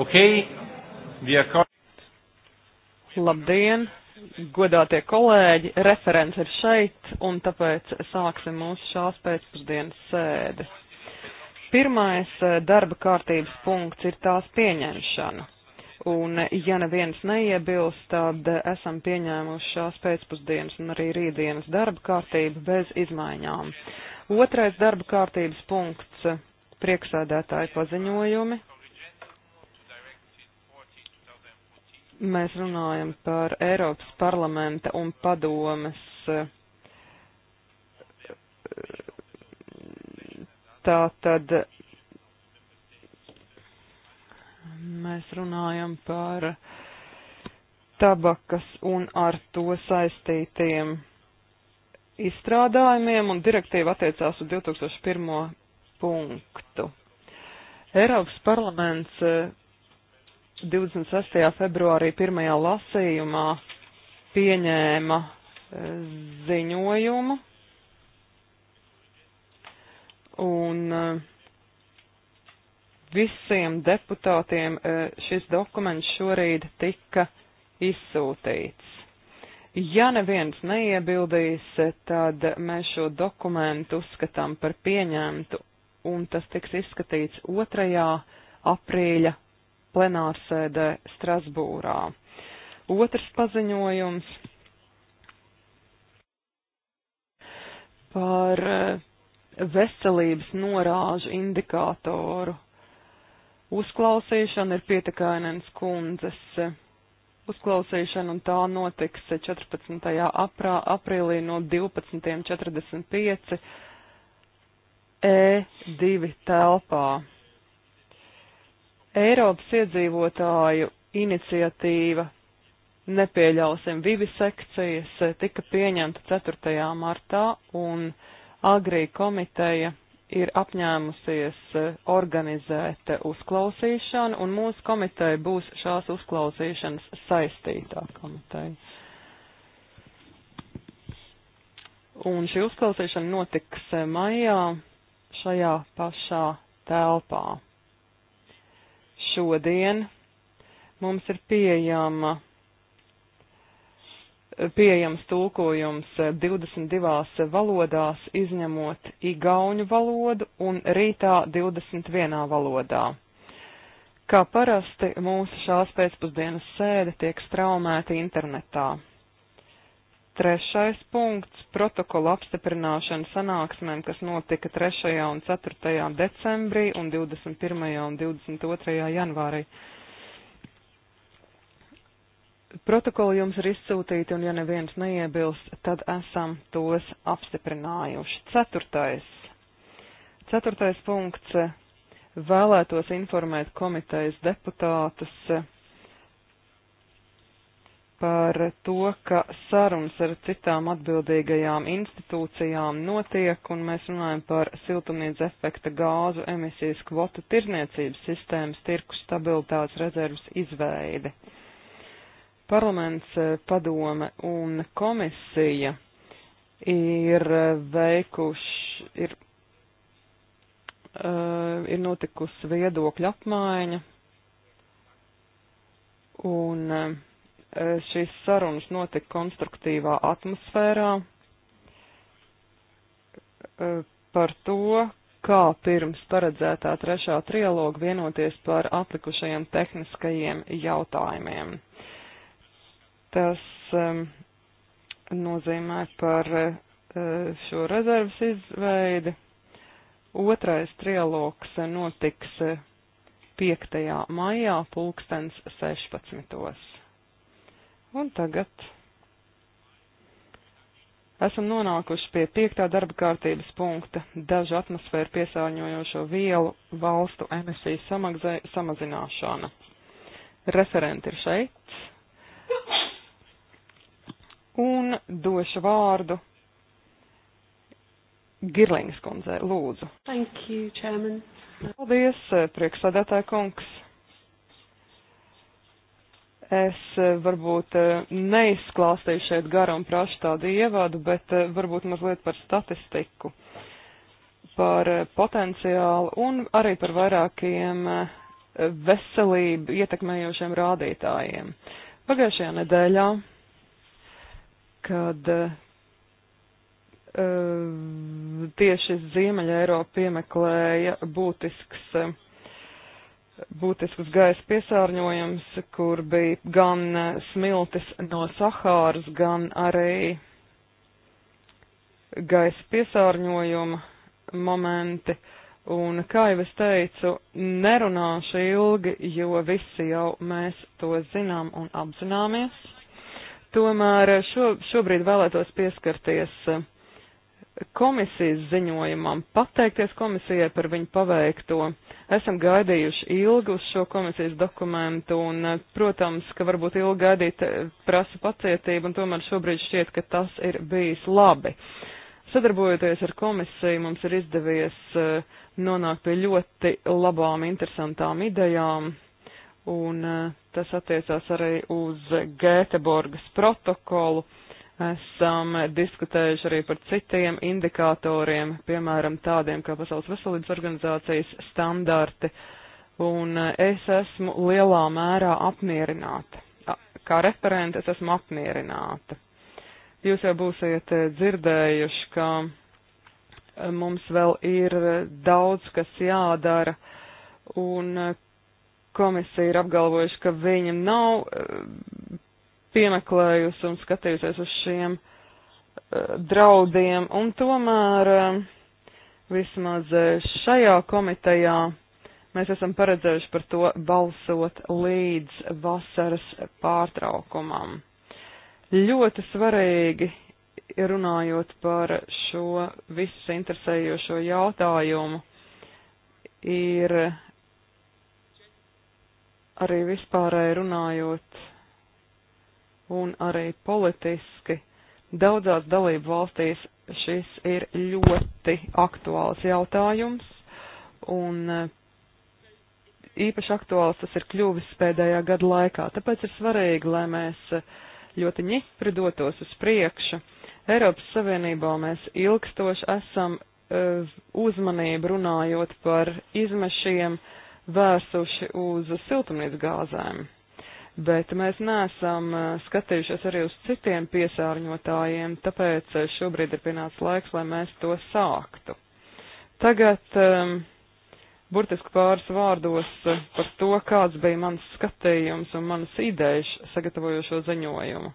Okay. Labdien, godātie kolēģi, referents ir šeit, un tāpēc sāksim mūsu šās pēcpusdienas sēdi. Pirmais eh, darba kārtības punkts ir tās pieņemšana, un eh, ja neviens neiebilst, tad eh, esam pieņēmuši šās pēcpusdienas un arī rītdienas darba kārtību bez izmaiņām. Otrais darba kārtības punkts prieksēdētāja paziņojumi. Mēs runājam par Eiropas parlamenta un padomes tā tad mēs runājam par tabakas un ar to saistītiem izstrādājumiem, un direktīva attiecās uz 2001 punktu. Eiropas parlaments 26. Eh, februārī pirmajā lasījumā pieņēma eh, ziņojumu un eh, visiem deputātiem šis dokuments šorīd tika izsūtīts. Ja neviens neiebildīs, tad mēs šo dokumentu uzskatām par pieņemtu un tas tiks izskatīts 2. aprīļa plenārsēdē Strasbūrā. Otrs paziņojums par eh, veselības norāžu indikātoru uzklausīšana ir pietekainens kundzes eh, uzklausīšana, un tā notiks 14. Eh, aprā, aprīlī no 12.45 E2 telpā. Eiropas iedzīvotāju iniciatīva nepieļausim vivi sekcijas tika pieņemta 4. martā un Agrī komiteja ir apņēmusies e, organizēt uzklausīšanu, un mūsu komiteja būs šās uzklausīšanas saistītā komiteja. Un šī uzklausīšana notiks e, maijā, šajā pašā telpā. Šodien mums ir pieejama pieejams tulkojums 22 valodās, izņemot igauņu valodu un rītā 21 valodā. Kā parasti mūsu šās pēcpusdienas sēde tiek straumēta internetā. Trešais punkts - protokola apstiprināšana sanāksmēm, kas notika 3. un 4. decembrī un 21. un 22. janvārī. Protokoli jums ir izsūtīti, un ja neviens neiebilst, tad esam tos apstiprinājuši. Ceturtais. Ceturtais punkts - vēlētos informēt komitejas deputātus par to, ka sarunas ar citām atbildīgajām institūcijām notiek, un mēs runājam par siltumnīca efekta gāzu emisijas kvotu tirzniecības sistēmas tirku stabilitātes rezervas izveidi. Parlaments, eh, padome un komisija ir eh, veikuši, ir, uh, ir notikusi viedokļa apmaiņa, un uh, Eh, šīs sarunas notika konstruktīvā atmosfērā eh, par to, kā pirms paredzētā trešā trialoga vienoties par atlikušajiem tehniskajiem jautājumiem. Tas um, nozīmē par uh, šo rezervas izveidi. Otrais trialogs notiks 5. maijā pulkstens 16. Un tagad esam nonākuši pie piektā darba kārtības punkta - dažu atmosfēru piesārņojošo vielu valstu emisiju samagzē, samazināšana. Referenti ir šeit. Un došu vārdu Girlings kundzei, lūdzu. Thank you, Chairman. Paldies, priekšsādātāja kungs. Es eh, varbūt eh, neizklāstīju šeit garu un prašu tādu ievadu, bet eh, varbūt mazliet par statistiku, par potenciālu un arī par vairākiem veselību ietekmējošiem rādītājiem. Pagājušajā nedēļā, kad tieši Ziemeļa Eiropa piemeklēja būtisks būtisks gaisa piesārņojums, kur bija gan e, smiltis no Sahāras, gan arī gaisa piesārņojuma momenti. Un, kā jau es teicu, nerunāšu ilgi, jo visi jau mēs to zinām un apzināmies. Tomēr šo, šobrīd vēlētos pieskarties uh, komisijas ziņojumam, pateikties komisijai par viņu paveikto. Esam gaidījuši ilgi uz šo komisijas dokumentu un, eh, protams, ka varbūt ilgi gaidīt eh, prasa pacietību un tomēr šobrīd šķiet, ka tas ir bijis labi. Sadarbojoties ar komisiju, mums ir izdevies eh, nonākt pie ļoti labām, interesantām idejām un tas attiecās arī uz Gēteborgas protokolu esam diskutējuši arī par citiem indikatoriem, piemēram, tādiem kā Pasaules veselības organizācijas standarti, un e, es esmu lielā mērā apmierināta. Kā referente es esmu apmierināta. Jūs jau būsiet e, dzirdējuši, ka e, mums vēl ir daudz, kas jādara, un komisija ir apgalvojuši, ka viņam nav piemeklējusi un skatījusies uz šiem eh, draudiem, un tomēr eh, vismaz eh, šajā komitejā mēs esam paredzējuši par to balsot līdz vasaras pārtraukumam. Ļoti svarīgi, runājot par šo visus interesējošo jautājumu, ir arī vispārēji runājot un arī politiski daudzās dalību valstīs šis ir ļoti aktuāls jautājums, un eh, īpaši aktuāls tas ir kļuvis pēdējā gada laikā. Tāpēc ir svarīgi, lai mēs eh, ļoti ņipri dotos uz priekšu. Eiropas Savienībā mēs ilgstoši esam eh, uzmanību runājot par izmešiem vērsuši uz siltumnīcas gāzēm bet mēs neesam eh, skatījušies arī uz citiem piesārņotājiem, tāpēc eh, šobrīd ir pienācis laiks, lai mēs to sāktu. Tagad um, burtiski pāris vārdos eh, par to, kāds bija mans skatījums un manas idejas sagatavojošo ziņojumu.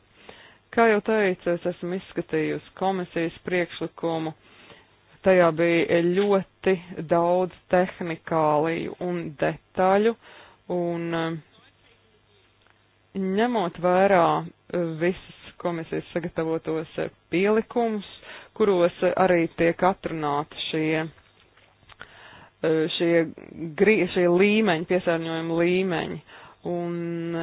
Kā jau teicu, es esmu izskatījusi komisijas priekšlikumu. Tajā bija ļoti daudz tehnikāliju un detaļu, un um, Ņemot vērā eh, visas komisijas sagatavotos eh, pielikumus, kuros eh, arī tiek atrunāti šie, šie, šie līmeņi, piesārņojuma līmeņi. Un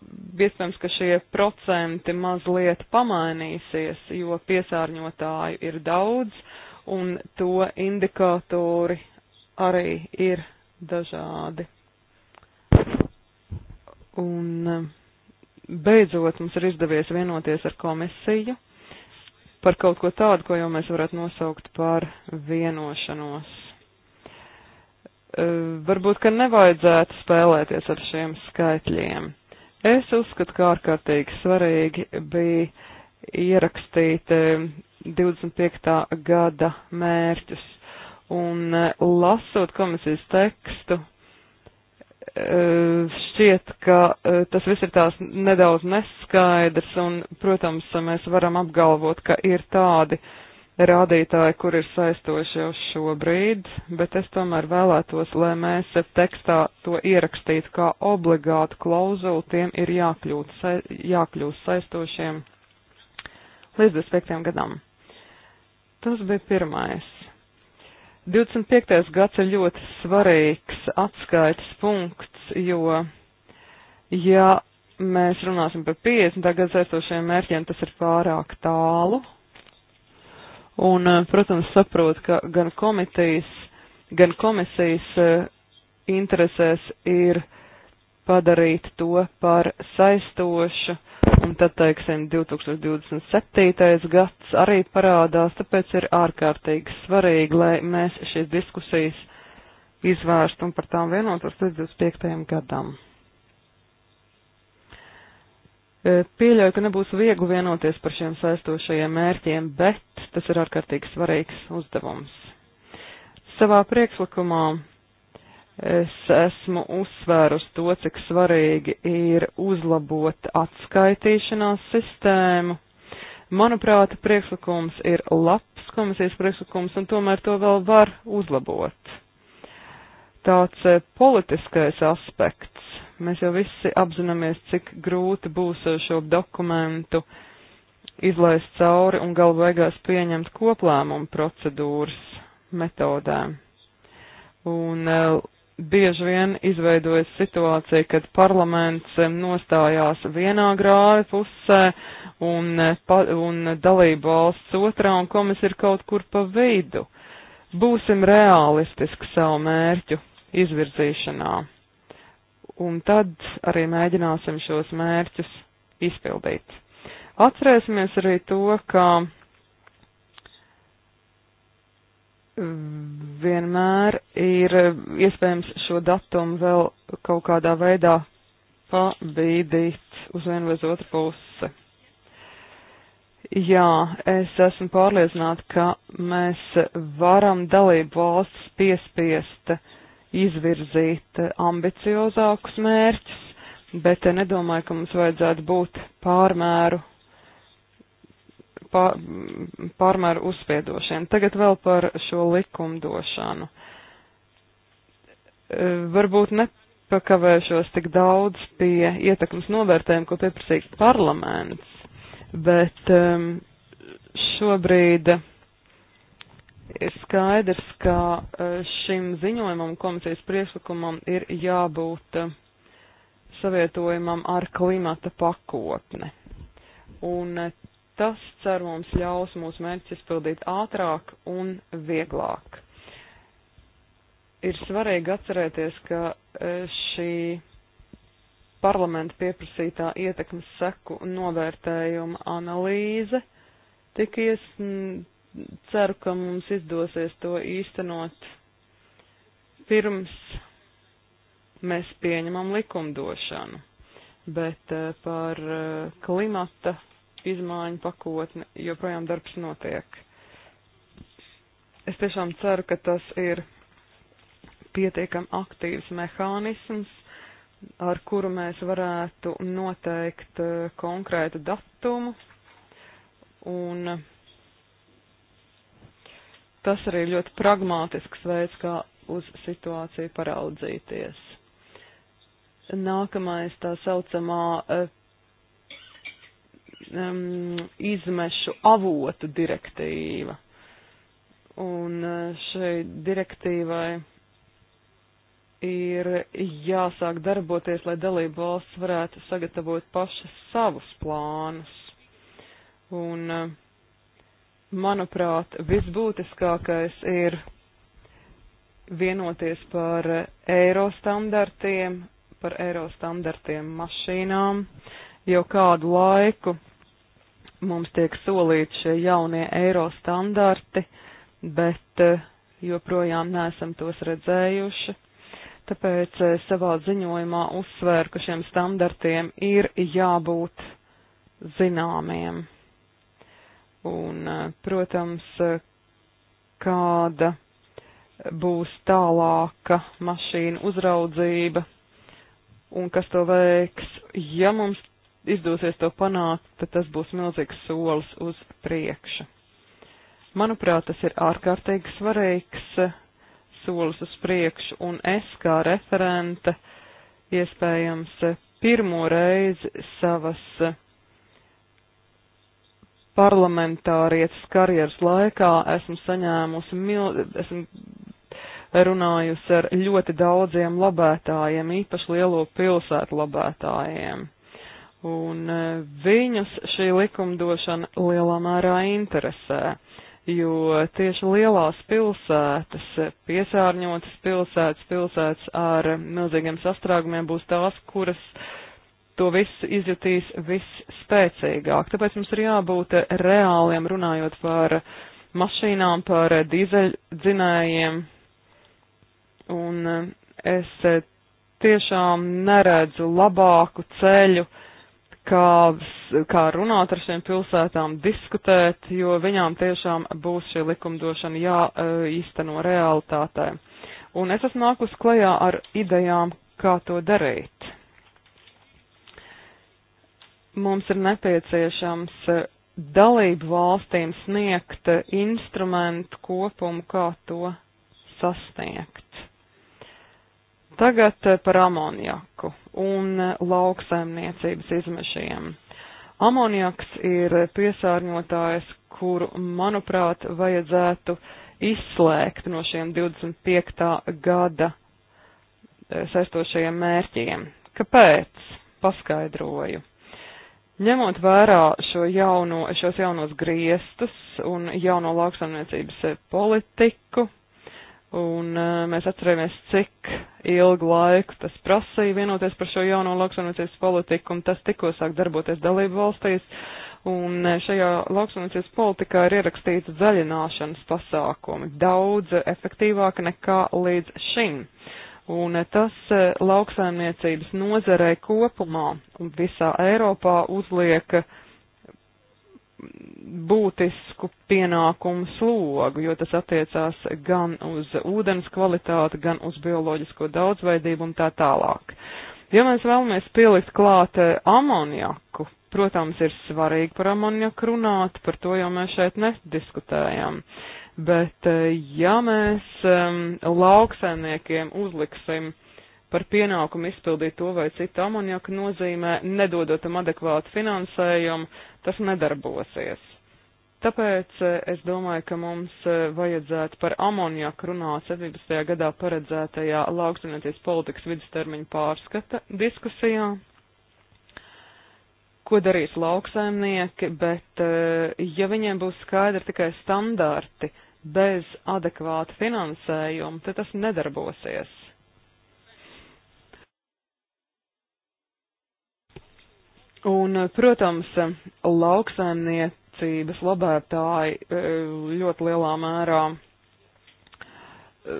iespējams, ka šie procenti mazliet pamainīsies, jo piesārņotāju ir daudz un to indikātori arī ir dažādi. Un eh, beidzot mums ir izdevies vienoties ar komisiju par kaut ko tādu, ko jau mēs varētu nosaukt par vienošanos. Eh, varbūt, ka nevajadzētu spēlēties ar šiem skaitļiem. Es uzskatu, kā ārkārtīgi svarīgi bija ierakstīt 25. Eh, gada mērķus. Un lasot komisijas tekstu, Eh, šķiet, ka eh, tas viss ir tās nedaudz neskaidrs un, protams, mēs varam apgalvot, ka ir tādi rādītāji, kur ir saistoši jau šobrīd, bet es tomēr vēlētos, lai mēs tekstā to ierakstītu kā obligātu klauzulu, tiem ir jākļūt, sa jākļūst saistošiem līdz 25 gadam. Tas bija pirmais. 25. gads ir ļoti svarīgs atskaites punkts, jo, ja mēs runāsim par 50. gadu saistošiem mērķiem, tas ir pārāk tālu. Un, eh, protams, saprot, ka gan komitejas, gan komisijas eh, interesēs ir padarīt to par saistošu un tad, teiksim, 2027. gads arī parādās, tāpēc ir ārkārtīgi svarīgi, lai mēs šīs diskusijas izvērstu un par tām vienotos līdz 25. gadam. E, pieļauju, ka nebūs viegli vienoties par šiem saistošajiem mērķiem, bet tas ir ārkārtīgi svarīgs uzdevums. Savā priekšlikumā Es esmu uzsvērus to, cik svarīgi ir uzlabot atskaitīšanās sistēmu. Manuprāt, priekšlikums ir labs komisijas priekšlikums, un tomēr to vēl var uzlabot. Tāds eh, politiskais aspekts. Mēs jau visi apzināmies, cik grūti būs eh, šo dokumentu izlaist cauri un galu beigās pieņemt koplēmumu procedūras metodēm. Un eh, bieži vien izveidojas situācija, kad parlaments nostājās vienā grāvi pusē un, e, pa, un dalību valsts otrā un komisija ir kaut kur pa vidu. Būsim realistiski savu mērķu izvirzīšanā. Un tad arī mēģināsim šos mērķus izpildīt. Atcerēsimies arī to, ka vienmēr ir iespējams šo datumu vēl kaut kādā veidā pabīdīt uz vienu vai uz otru pusi. Jā, es esmu pārliecināta, ka mēs varam dalību valsts piespiest izvirzīt ambiciozākus mērķus, bet nedomāju, ka mums vajadzētu būt pārmēru pārmēr uzspiedošiem. Tagad vēl par šo likumdošanu. E, varbūt nepakavēšos tik daudz pie ietekmes novērtējumu, ko pieprasīja parlaments, bet šobrīd ir skaidrs, ka e, šim ziņojumam komisijas priekšlikumam ir jābūt e, savietojumam ar klimata pakotni. Un Tas, cer mums, ļaus mūsu mērķis izpildīt ātrāk un vieglāk. Ir svarīgi atcerēties, ka e, šī parlamenta pieprasītā ietekmes seku novērtējuma analīze tik ies, ceru, ka mums izdosies to īstenot pirms mēs pieņemam likumdošanu, bet e, par e, klimata izmaiņu pakotni, joprojām darbs notiek. Es tiešām ceru, ka tas ir pietiekam aktīvs mehānisms, ar kuru mēs varētu noteikt eh, konkrētu datumu. Un eh, tas arī ir ļoti pragmātisks veids, kā uz situāciju paraudzīties. Nākamais tā saucamā eh, um, izmešu avotu direktīva. Un uh, šai direktīvai ir jāsāk darboties, lai dalību valsts varētu sagatavot pašas savus plānus. Un, uh, manuprāt, visbūtiskākais ir vienoties par eiro standartiem, par eiro standartiem mašīnām jau kādu laiku mums tiek solīti šie jaunie eiro standarti, bet eh, joprojām neesam tos redzējuši. Tāpēc eh, savā ziņojumā uzsvēru, ka šiem standartiem ir jābūt zināmiem. Un, eh, protams, kāda būs tālāka mašīna uzraudzība un kas to veiks, ja mums izdosies to panākt, tad tas būs milzīgs solis uz priekšu. Manuprāt, tas ir ārkārtīgi svarīgs eh, solis uz priekšu, un es kā referente iespējams eh, pirmo reizi savas eh, parlamentārietas karjeras laikā esmu saņēmusi, mil... esmu runājusi ar ļoti daudziem labētājiem, īpaši lielo pilsētu labētājiem un e, viņus šī likumdošana lielā mērā interesē, jo tieši lielās pilsētas, piesārņotas pilsētas, pilsētas ar milzīgiem sastrēgumiem būs tās, kuras to viss izjutīs visspēcīgāk. Tāpēc mums ir jābūt reāliem runājot par mašīnām, par dīzeļdzinējiem, un e, es tiešām neredzu labāku ceļu, uh, kā, kā runāt ar šiem pilsētām, diskutēt, jo viņām tiešām būs šī likumdošana jāīsteno realitātē. Un es esmu nākus klajā ar idejām, kā to darīt. Mums ir nepieciešams dalību valstīm sniegt instrumentu kopumu, kā to sasniegt. Tagad eh, par amoniaku un eh, lauksaimniecības izmešiem. Amoniaks ir piesārņotājs, kuru, manuprāt, vajadzētu izslēgt no šiem 25. gada eh, saistošajiem mērķiem. Kāpēc? Paskaidroju. Ņemot vērā šo jauno, šos jaunos griestus un jauno lauksaimniecības politiku, Un mēs atcerēmies, cik ilgu laiku tas prasīja vienoties par šo jauno lauksaimniecības politiku, un tas tikko sāk darboties dalību valstīs. Un šajā lauksaimniecības politikā ir ierakstīts zaļināšanas pasākumi daudz efektīvāk nekā līdz šim. Un tas lauksaimniecības nozarei kopumā un visā Eiropā uzliek uh, būtisku pienākumu slogu, jo tas attiecās gan uz ūdens kvalitāti, gan uz bioloģisko daudzveidību un tā tālāk. Ja mēs vēlamies pielikt klāt eh, amoniaku, protams, ir svarīgi par amoniaku runāt, par to jau mēs šeit nediskutējam. Bet eh, ja mēs um, lauksaimniekiem uzliksim uh, par pienākumu izpildīt to vai citu amoniaku nozīmē, nedodot tam adekvātu finansējumu, tas nedarbosies. Tāpēc eh, es domāju, ka mums eh, vajadzētu par amoniaku runāt 17. gadā paredzētajā lauksaimniecības politikas vidustermiņa pārskata diskusijā ko darīs lauksaimnieki, bet eh, ja viņiem būs skaidri tikai standarti bez adekvāta finansējuma, tad tas nedarbosies. Un, eh, protams, lauksaimniecības labētāji eh, ļoti lielā mērā eh,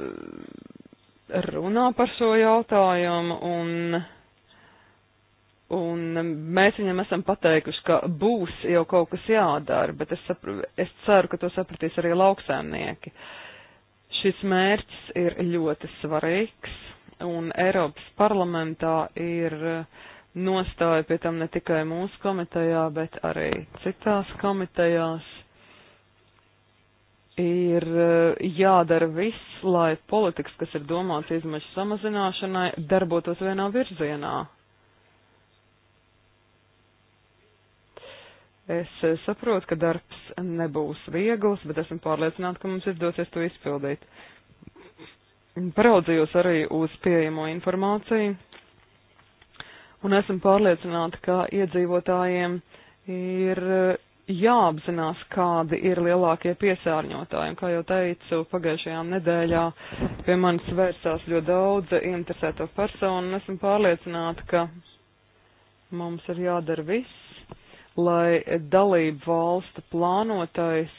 runā par šo jautājumu, un, un mēs viņam esam pateikuši, ka būs jau kaut kas jādara, bet es, sapra, es ceru, ka to sapratīs arī lauksaimnieki. Šis mērķis ir ļoti svarīgs, un Eiropas parlamentā ir uh, nostāja pie tam ne tikai mūsu komitejā, bet arī citās komitejās. Ir eh, jādara viss, lai politikas, kas ir domāts izmešu samazināšanai, darbotos vienā virzienā. Es eh, saprotu, ka darbs nebūs viegls, bet esmu pārliecināta, ka mums izdosies to izpildīt. Paraudzījos arī uz pieejamo informāciju, un esam pārliecināti, ka iedzīvotājiem ir eh, jāapzinās, kādi ir lielākie piesārņotāji. Un, kā jau teicu, pagājušajā nedēļā pie manis vērsās ļoti daudz interesēto personu, un esmu pārliecināta, ka mums ir jādara viss, lai dalību valstu plānotais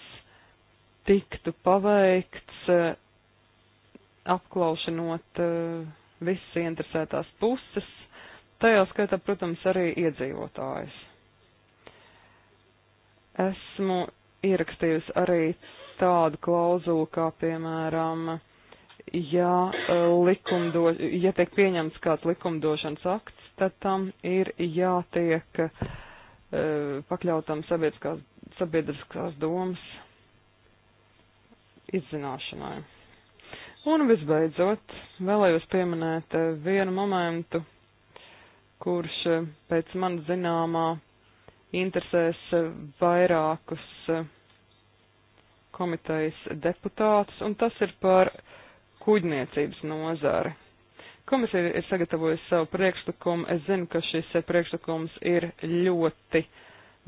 tiktu paveikts, eh, apklaušanot eh, visas interesētās puses tajā skaitā, protams, arī iedzīvotājs. Esmu ierakstījusi arī tādu klauzulu, kā piemēram, ja, e, likumdo, ja tiek pieņemts kāds likumdošanas akts, tad tam ir jātiek uh, pakļautam sabiedriskās, sabiedriskās domas izzināšanai. Un visbeidzot, vēlējos pieminēt e, vienu momentu, kurš eh, pēc man zināmā interesēs eh, vairākus eh, komitejas deputātus, un tas ir par kuģniecības nozari. Komisija ir sagatavojusi savu priekšlikumu. Es zinu, ka šis priekšlikums ir ļoti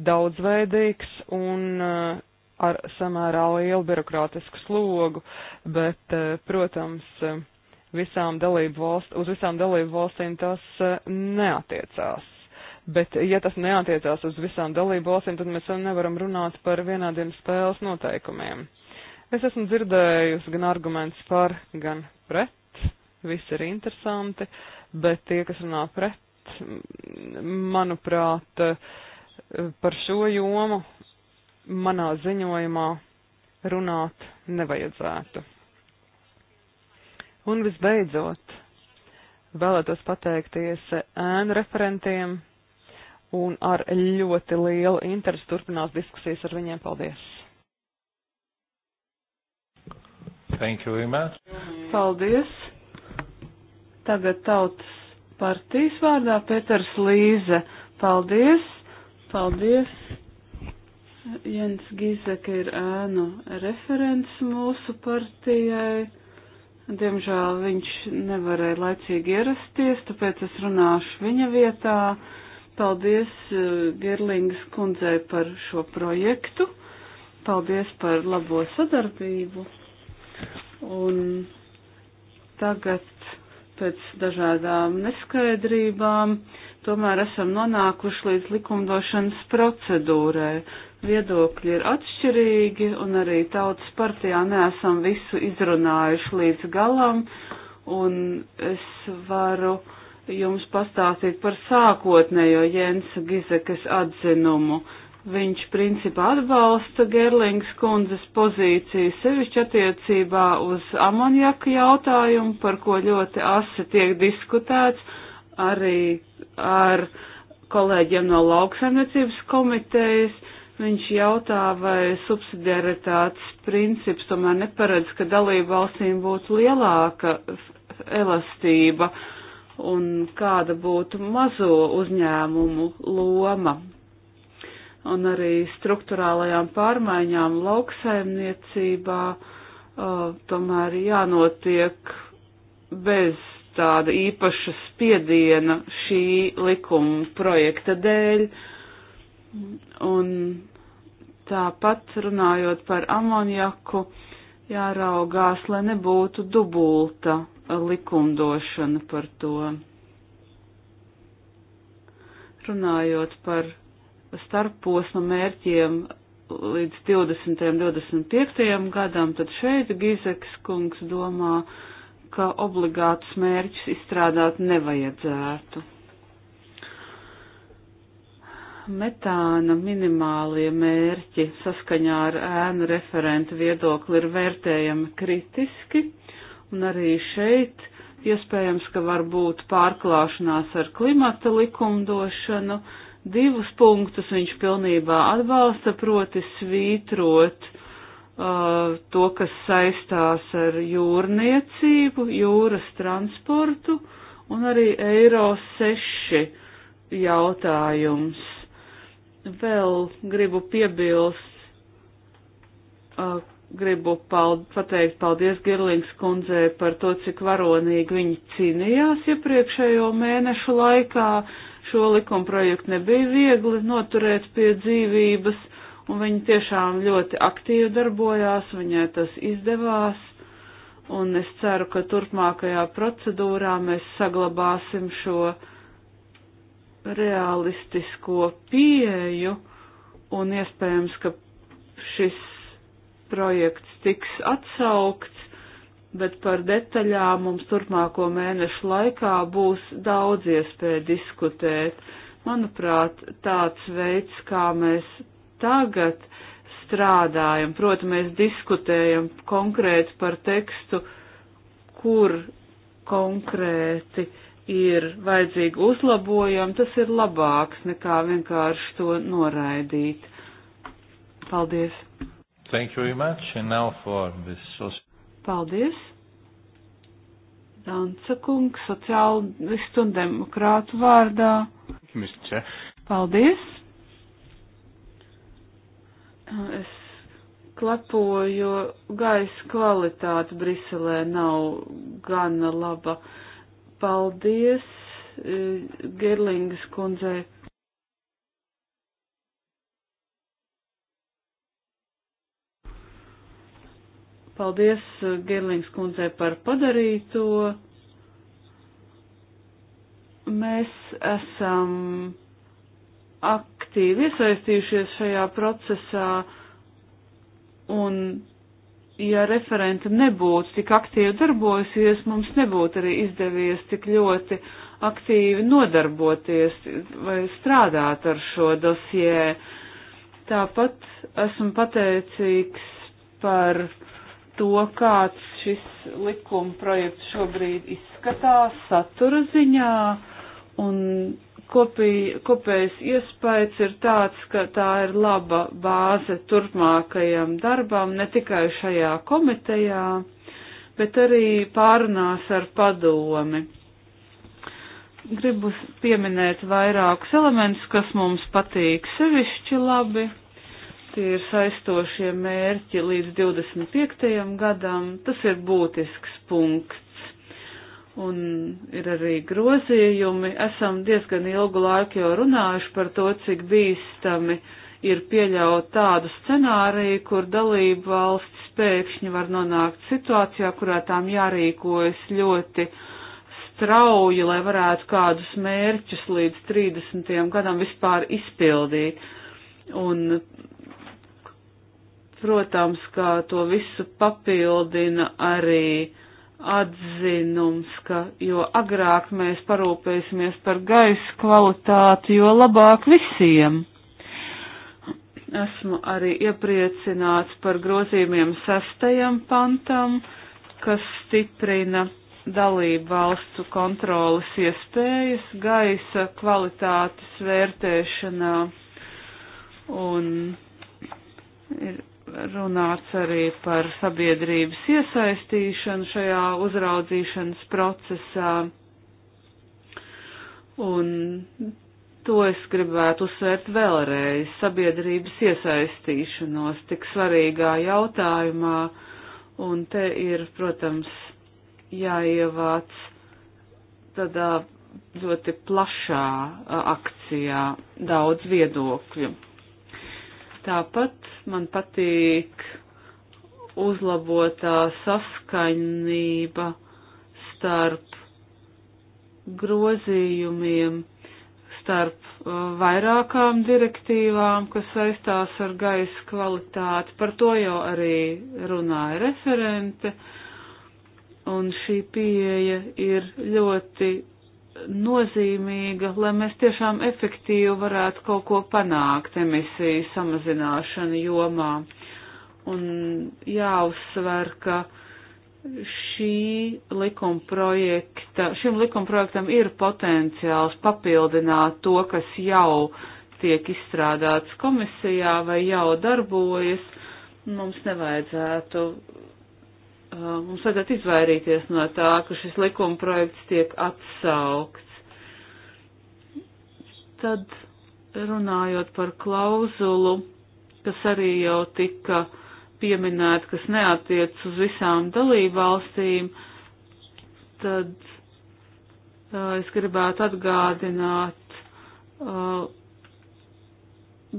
daudzveidīgs un ar samērā lielu birokrātisku slogu, bet, protams, visām dalību valsts, uz visām dalību valstīm tas e, neatiecās. Bet, ja tas neatiecās uz visām dalību valstīm, tad mēs nevaram runāt par vienādiem spēles noteikumiem. Es esmu dzirdējusi gan argumentus par, gan pret, viss ir interesanti, bet tie, kas runā pret, manuprāt, e, par šo jomu manā ziņojumā runāt nevajadzētu. Un visbeidzot, vēlētos pateikties ēnu referentiem un ar ļoti lielu interesi turpinās diskusijas ar viņiem. Paldies! Thank you very much. Paldies. Tagad tautas partijas vārdā Peters Līze. Paldies. Paldies. Jens Gizek ir ēnu referents mūsu partijai. Diemžēl viņš nevarēja laicīgi ierasties, tāpēc es runāšu viņa vietā. Paldies eh, Gerlingas kundzei par šo projektu. Paldies par labo sadarbību. Un tagad pēc dažādām neskaidrībām tomēr esam nonākuši līdz likumdošanas procedūrai. Viedokļi ir atšķirīgi, un arī tautas partijā neesam visu izrunājuši līdz galam, un es varu jums pastāstīt par sākotnējo Jensa Gizekas atzinumu. Viņš principā atbalsta Gerlings kundzes pozīciju sevišķi attiecībā uz amonjaka jautājumu, par ko ļoti asi tiek diskutēts arī ar kolēģiem no lauksaimniecības komitejas. Viņš jautā, vai subsidiaritātes princips tomēr neparedz, ka dalību valstīm būtu lielāka elastība un kāda būtu mazo uzņēmumu loma. Un arī struktūrālajām pārmaiņām lauksaimniecībā uh, tomēr jānotiek bez tāda īpaša spiediena šī likuma projekta dēļ. Un tāpat runājot par amoniaku, jāraugās, lai nebūtu dubulta likumdošana par to. Runājot par starposma mērķiem līdz 20. un 25. gadam, tad šeit Gizeks kungs domā, ka obligātus mērķus izstrādāt nevajadzētu. Metāna minimālie mērķi saskaņā ar ēnu referentu viedokli ir vērtējami kritiski, un arī šeit iespējams, ka var būt pārklāšanās ar klimata likumdošanu. Divus punktus viņš pilnībā atbalsta, proti svītrot Uh, to, kas saistās ar jūrniecību, jūras transportu un arī Eiro 6 jautājums. Vēl gribu piebilst, uh, gribu pald pateikt paldies Girlings kundzē par to, cik varonīgi viņi cīnījās iepriekšējo mēnešu laikā. Šo likumprojektu nebija viegli noturēt pie dzīvības un viņa tiešām ļoti aktīvi darbojās, viņai tas izdevās, un es ceru, ka turpmākajā procedūrā mēs saglabāsim šo realistisko pieeju, un iespējams, ka šis projekts tiks atsaukts, bet par detaļām mums turpmāko mēnešu laikā būs daudz iespēju diskutēt. Manuprāt, tāds veids, kā mēs tagad strādājam. Proti, mēs diskutējam konkrēti par tekstu, kur konkrēti ir vajadzīgi uzlabojumi, tas ir labāks nekā vienkārši to noraidīt. Paldies! Thank you very much and now for this social... Paldies! Danca kungs, sociālistu un demokrātu vārdā. Mr. Paldies! Es klepoju, jo gaisa kvalitāte Briselē nav gana laba. Paldies e, Gerlingas kundzei. Paldies e, Gerlings kundzei par padarīto. Mēs esam aktīvi iesaistījušies šajā procesā, un ja referenta nebūtu tik aktīvi darbojusies, mums nebūtu arī izdevies tik ļoti aktīvi nodarboties vai strādāt ar šo dosjē. Tāpat esmu pateicīgs par to, kāds šis likuma projekts šobrīd izskatās satura ziņā, un kopī, kopējs iespējas ir tāds, ka tā ir laba bāze turpmākajam darbam, ne tikai šajā komitejā, bet arī pārunās ar padomi. Gribu pieminēt vairākus elementus, kas mums patīk sevišķi labi. Tie ir saistošie mērķi līdz 25. gadam. Tas ir būtisks punkts un ir arī grozījumi. Esam diezgan ilgu laiku jau runājuši par to, cik bīstami ir pieļaut tādu scenāriju, kur dalību valsts pēkšņi var nonākt situācijā, kurā tām jārīkojas ļoti strauji, lai varētu kādus mērķus līdz 30. gadam vispār izpildīt. Un, protams, kā to visu papildina arī atzinums, ka jo agrāk mēs parūpēsimies par gaisa kvalitāti, jo labāk visiem. Esmu arī iepriecināts par grozījumiem sastajam pantam, kas stiprina dalību valstu kontrolas iespējas gaisa kvalitātes vērtēšanā. Un ir runāts arī par sabiedrības iesaistīšanu šajā uzraudzīšanas procesā. Un to es gribētu uzsvērt vēlreiz - sabiedrības iesaistīšanos tik svarīgā jautājumā, un te ir, protams, jāievāc tādā ļoti plašā akcijā daudz viedokļu. Tāpat man patīk uzlabotā saskaņība starp grozījumiem, starp uh, vairākām direktīvām, kas saistās ar gaisa kvalitāti. Par to jau arī runāja referente. Un šī pieeja ir ļoti nozīmīga, lai mēs tiešām efektīvi varētu kaut ko panākt emisiju samazināšanu jomā. Un jāuzsver, ka šī likumprojekta, šim likumprojektam ir potenciāls papildināt to, kas jau tiek izstrādāts komisijā vai jau darbojas. Mums nevajadzētu Uh, mums vajadzētu izvairīties no tā, ka šis likuma projekts tiek atsaukts. Tad runājot par klauzulu, kas arī jau tika pieminēta, kas neatiec uz visām dalībvalstīm, tad uh, es gribētu atgādināt uh,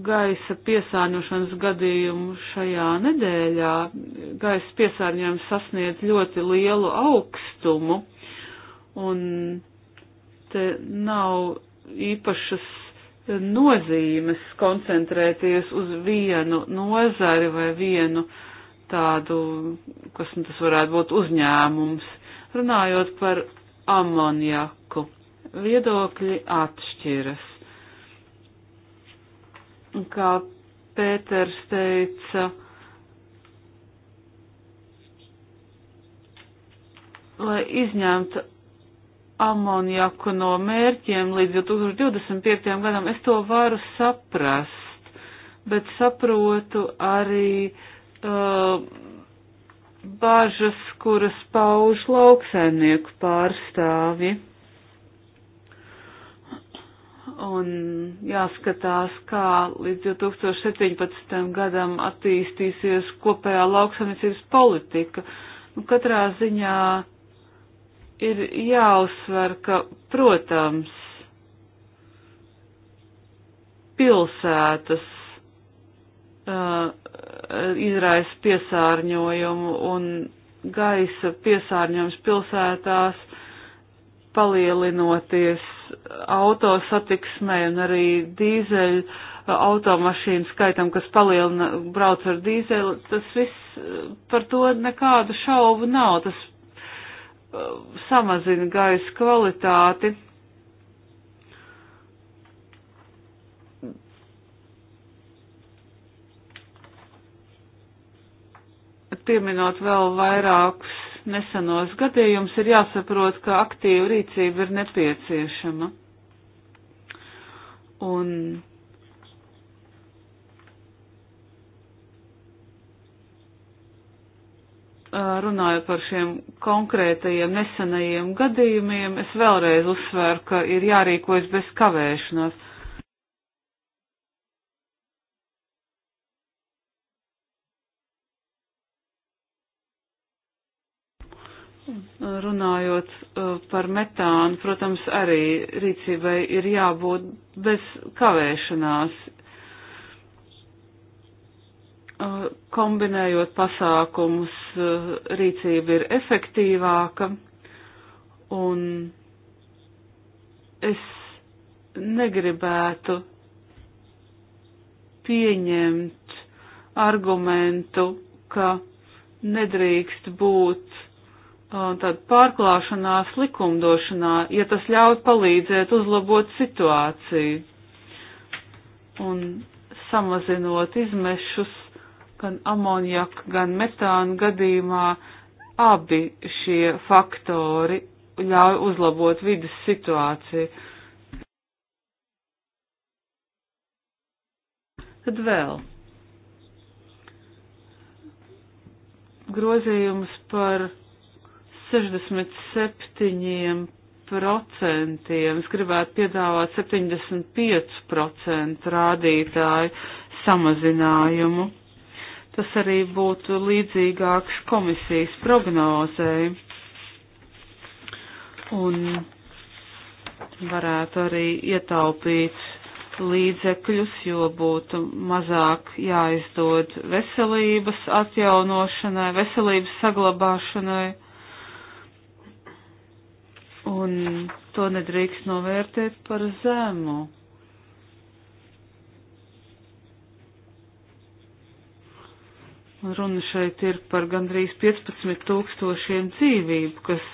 gaisa piesārņošanas gadījumu šajā nedēļā. Gaisa piesārņojums sasniedz ļoti lielu augstumu, un te nav īpašas nozīmes koncentrēties uz vienu nozari vai vienu tādu, kas nu, tas varētu būt uzņēmums. Runājot par amoniaku, viedokļi atšķiras kā Pēters teica, lai izņemtu amoniaku no mērķiem līdz 2025. gadam, es to varu saprast, bet saprotu arī uh, bažas, kuras pauž lauksaimnieku pārstāvi un jāskatās, kā līdz 2017. gadam attīstīsies kopējā lauksamniecības politika. Nu, katrā ziņā ir jāuzsver, ka, protams, pilsētas uh, izraisa piesārņojumu un gaisa piesārņojums pilsētās palielinoties autosatiksmē un arī dīzeļu uh, automašīnu skaitam, kas palielina, brauc ar dīzeļu, tas viss uh, par to nekādu šaubu nav. Tas uh, samazina gaisa kvalitāti. Pieminot vēl vairākus nesenos gadījumus, ir jāsaprot, ka aktīva rīcība ir nepieciešama. Un runāju par šiem konkrētajiem nesenajiem gadījumiem, es vēlreiz uzsveru, ka ir jārīkojas bez kavēšanās Runājot uh, par metānu, protams, arī rīcībai ir jābūt bez kavēšanās, uh, kombinējot pasākumus, uh, rīcība ir efektīvāka, un es negribētu pieņemt argumentu, ka nedrīkst būt Uh, tāda pārklāšanās likumdošanā, ja tas ļaut palīdzēt uzlabot situāciju un samazinot izmešus gan amonjaka, gan metāna gadījumā, abi šie faktori ļauj uzlabot vidas situāciju. Tad vēl grozījums par 67%. Es gribētu piedāvāt 75% rādītāju samazinājumu. Tas arī būtu līdzīgāks komisijas prognozēji. Un varētu arī ietaupīt līdzekļus, jo būtu mazāk jāizdod veselības atjaunošanai, veselības saglabāšanai. Un to nedrīkst novērtēt par zemu. Un runa šeit ir par gandrīz 15 tūkstošiem dzīvību, kas,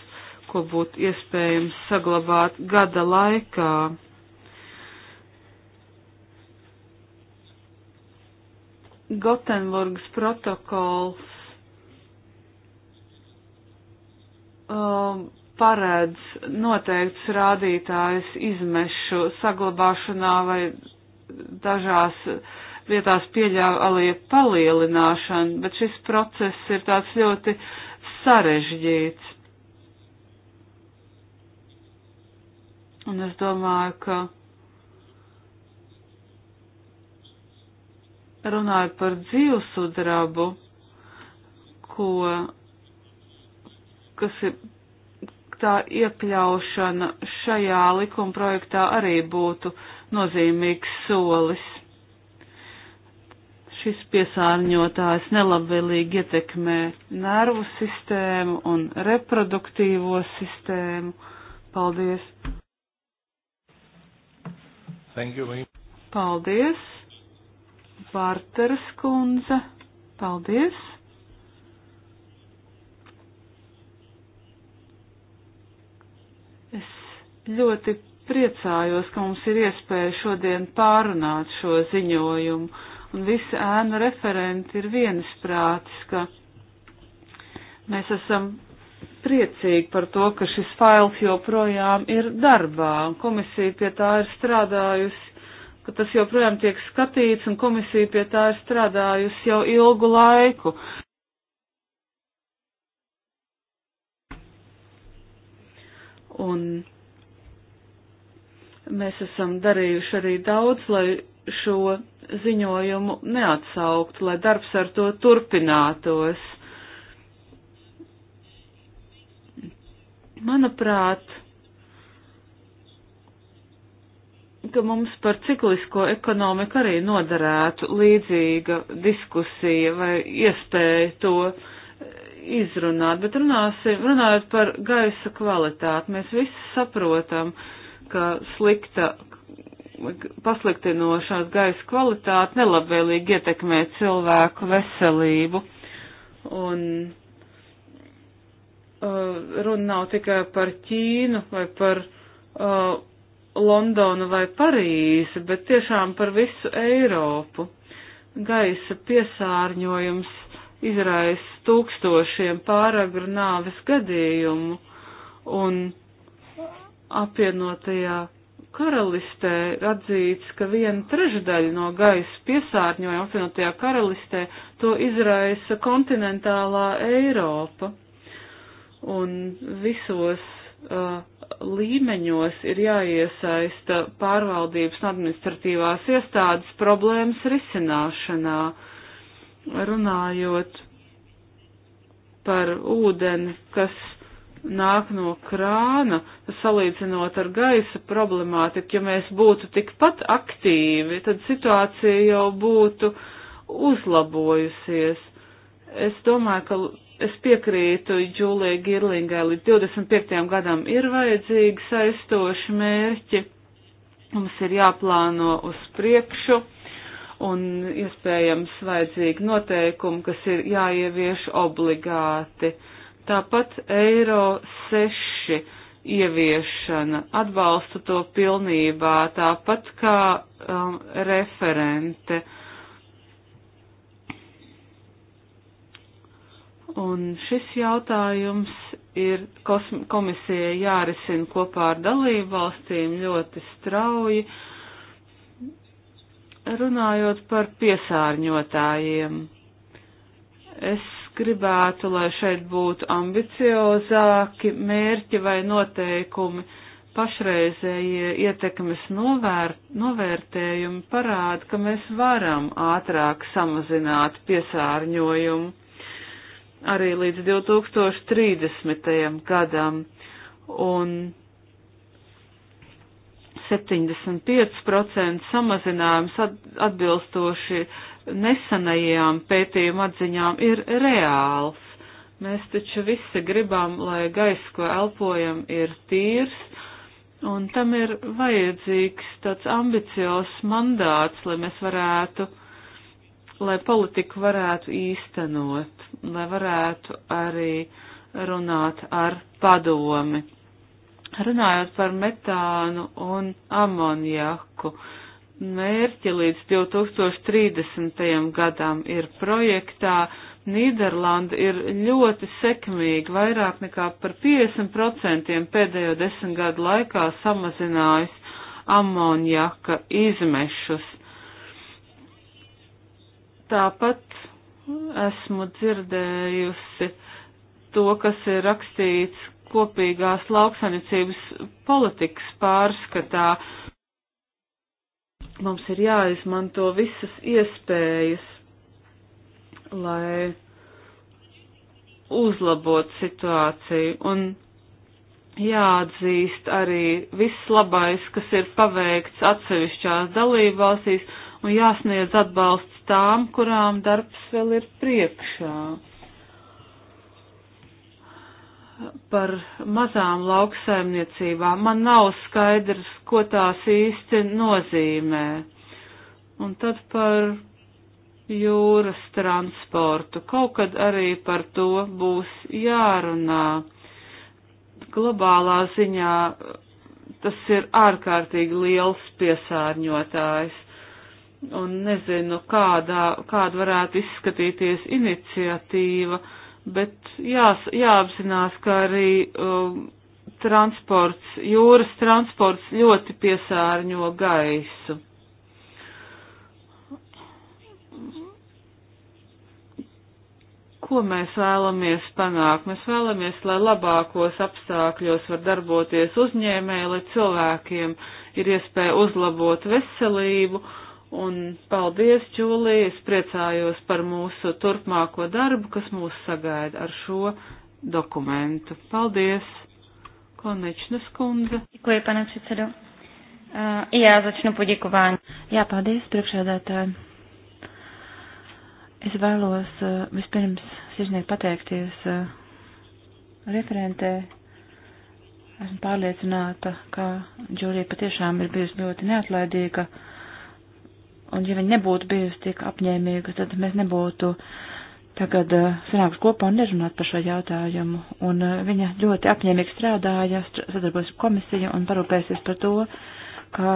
ko būtu iespējams saglabāt gada laikā. Gotenburgas protokols um, paredz noteikts rādītājs izmešu saglabāšanā vai dažās vietās pieļāvālie palielināšanu, bet šis process ir tāds ļoti sarežģīts. Un es domāju, ka runāju par dzīvesudrabu, ko, kas ir aktā iekļaušana šajā likumprojektā arī būtu nozīmīgs solis. Šis piesārņotājs nelabvēlīgi ietekmē nervu sistēmu un reproduktīvo sistēmu. Paldies! Thank you, Lee. Paldies! Vārteres kundze, paldies! Ļoti priecājos, ka mums ir iespēja šodien pārunāt šo ziņojumu, un visi ēnu referenti ir viensprātis, ka mēs esam priecīgi par to, ka šis fails joprojām ir darbā, un komisija pie tā ir strādājusi, ka tas joprojām tiek skatīts, un komisija pie tā ir strādājusi jau ilgu laiku. Un Mēs esam darījuši arī daudz, lai šo ziņojumu neatsaukt, lai darbs ar to turpinātos. Manuprāt, ka mums par ciklisko ekonomiku arī noderētu līdzīga diskusija vai iespēja to izrunāt, bet runāsim, runājot par gaisa kvalitāti, mēs visi saprotam, uh, ka slikta pasliktinošās gaisa kvalitāte nelabvēlīgi ietekmē cilvēku veselību. Un uh, runa nav tikai par Ķīnu vai par uh, Londonu vai Parīzi, bet tiešām par visu Eiropu. Gaisa piesārņojums izraisa tūkstošiem pāragru nāves gadījumu un apvienotajā karalistē atzīts, ka viena trešdaļa no gaisa piesārņojuma apvienotajā karalistē to izraisa kontinentālā Eiropa. Un visos uh, līmeņos ir jāiesaista pārvaldības un administratīvās iestādes problēmas risināšanā, runājot par ūdeni, kas nāk no krāna, salīdzinot ar gaisa problemātiku, ja mēs būtu tikpat aktīvi, tad situācija jau būtu uzlabojusies. Es domāju, ka es piekrītu Džūlijai Girlingai, līdz 25. gadam ir vajadzīgi saistoši mērķi, mums ir jāplāno uz priekšu un iespējams vajadzīgi noteikumi, kas ir jāievieš obligāti. Uh, Tāpat eiro 6 ieviešana atbalsta to pilnībā, tāpat kā um, referente. Un šis jautājums ir komisijai jārisina kopā ar dalību valstīm ļoti strauji, runājot par piesārņotājiem. Es gribētu, lai šeit būtu ambiciozāki mērķi vai noteikumi. Pašreizējie ietekmes novērt, novērtējumi parāda, ka mēs varam ātrāk samazināt piesārņojumu arī līdz 2030. gadam, un 75% samazinājums atbilstoši uh, nesenajām pētījuma atziņām ir reāls. Mēs taču visi gribam, lai gaiss, ko elpojam, ir tīrs, un tam ir vajadzīgs tāds ambiciozs mandāts, lai mēs varētu, lai politiku varētu īstenot, lai varētu arī runāt ar padomi. Runājot par metānu un amoniaku, uh, mērķi līdz 2030. gadam ir projektā. Nīderlanda ir ļoti sekmīgi, vairāk nekā par 50% pēdējo desmit gadu laikā samazinājusi amonjaka izmešus. Tāpat esmu dzirdējusi to, kas ir rakstīts kopīgās lauksanicības politikas pārskatā, uh, Mums ir jāizmanto visas iespējas, lai uzlabot situāciju un jāatzīst arī viss labais, kas ir paveikts atsevišķās dalībvalstīs un jāsniedz atbalsts tām, kurām darbs vēl ir priekšā par mazām lauksaimniecībām. Man nav skaidrs, ko tās īsti nozīmē. Un tad par jūras transportu. Kaut kad arī par to būs jārunā. Globālā ziņā tas ir ārkārtīgi liels piesārņotājs. Un nezinu, kādā, kāda varētu izskatīties iniciatīva bet jā, jāapzinās, ka arī um, transports, jūras transports ļoti piesārņo gaisu. Ko mēs vēlamies panākt? Mēs vēlamies, lai labākos apstākļos var darboties uzņēmēji, lai cilvēkiem ir iespēja uzlabot veselību Un paldies, Čūlī, es priecājos par mūsu turpmāko darbu, kas mūs sagaida ar šo dokumentu. Paldies, Konečnas kundze. Děkuji, pane předsedo. Uh, eh, jā, začnu poděkování. Jā, paldies, priekšēdētāji. Es vēlos uh, vispirms sirsnīgi pateikties uh, referentē. Esmu pārliecināta, ka Džūrija patiešām ir bijusi ļoti neatlaidīga. Uh, Un ja viņa nebūtu bijusi tik apņēmīga, tad mēs nebūtu tagad eh, sanāks kopā un nerunāt par šo jautājumu. Un eh, viņa ļoti apņēmīgi strādāja, sadarbojas komisija un parūpēsies par to, ka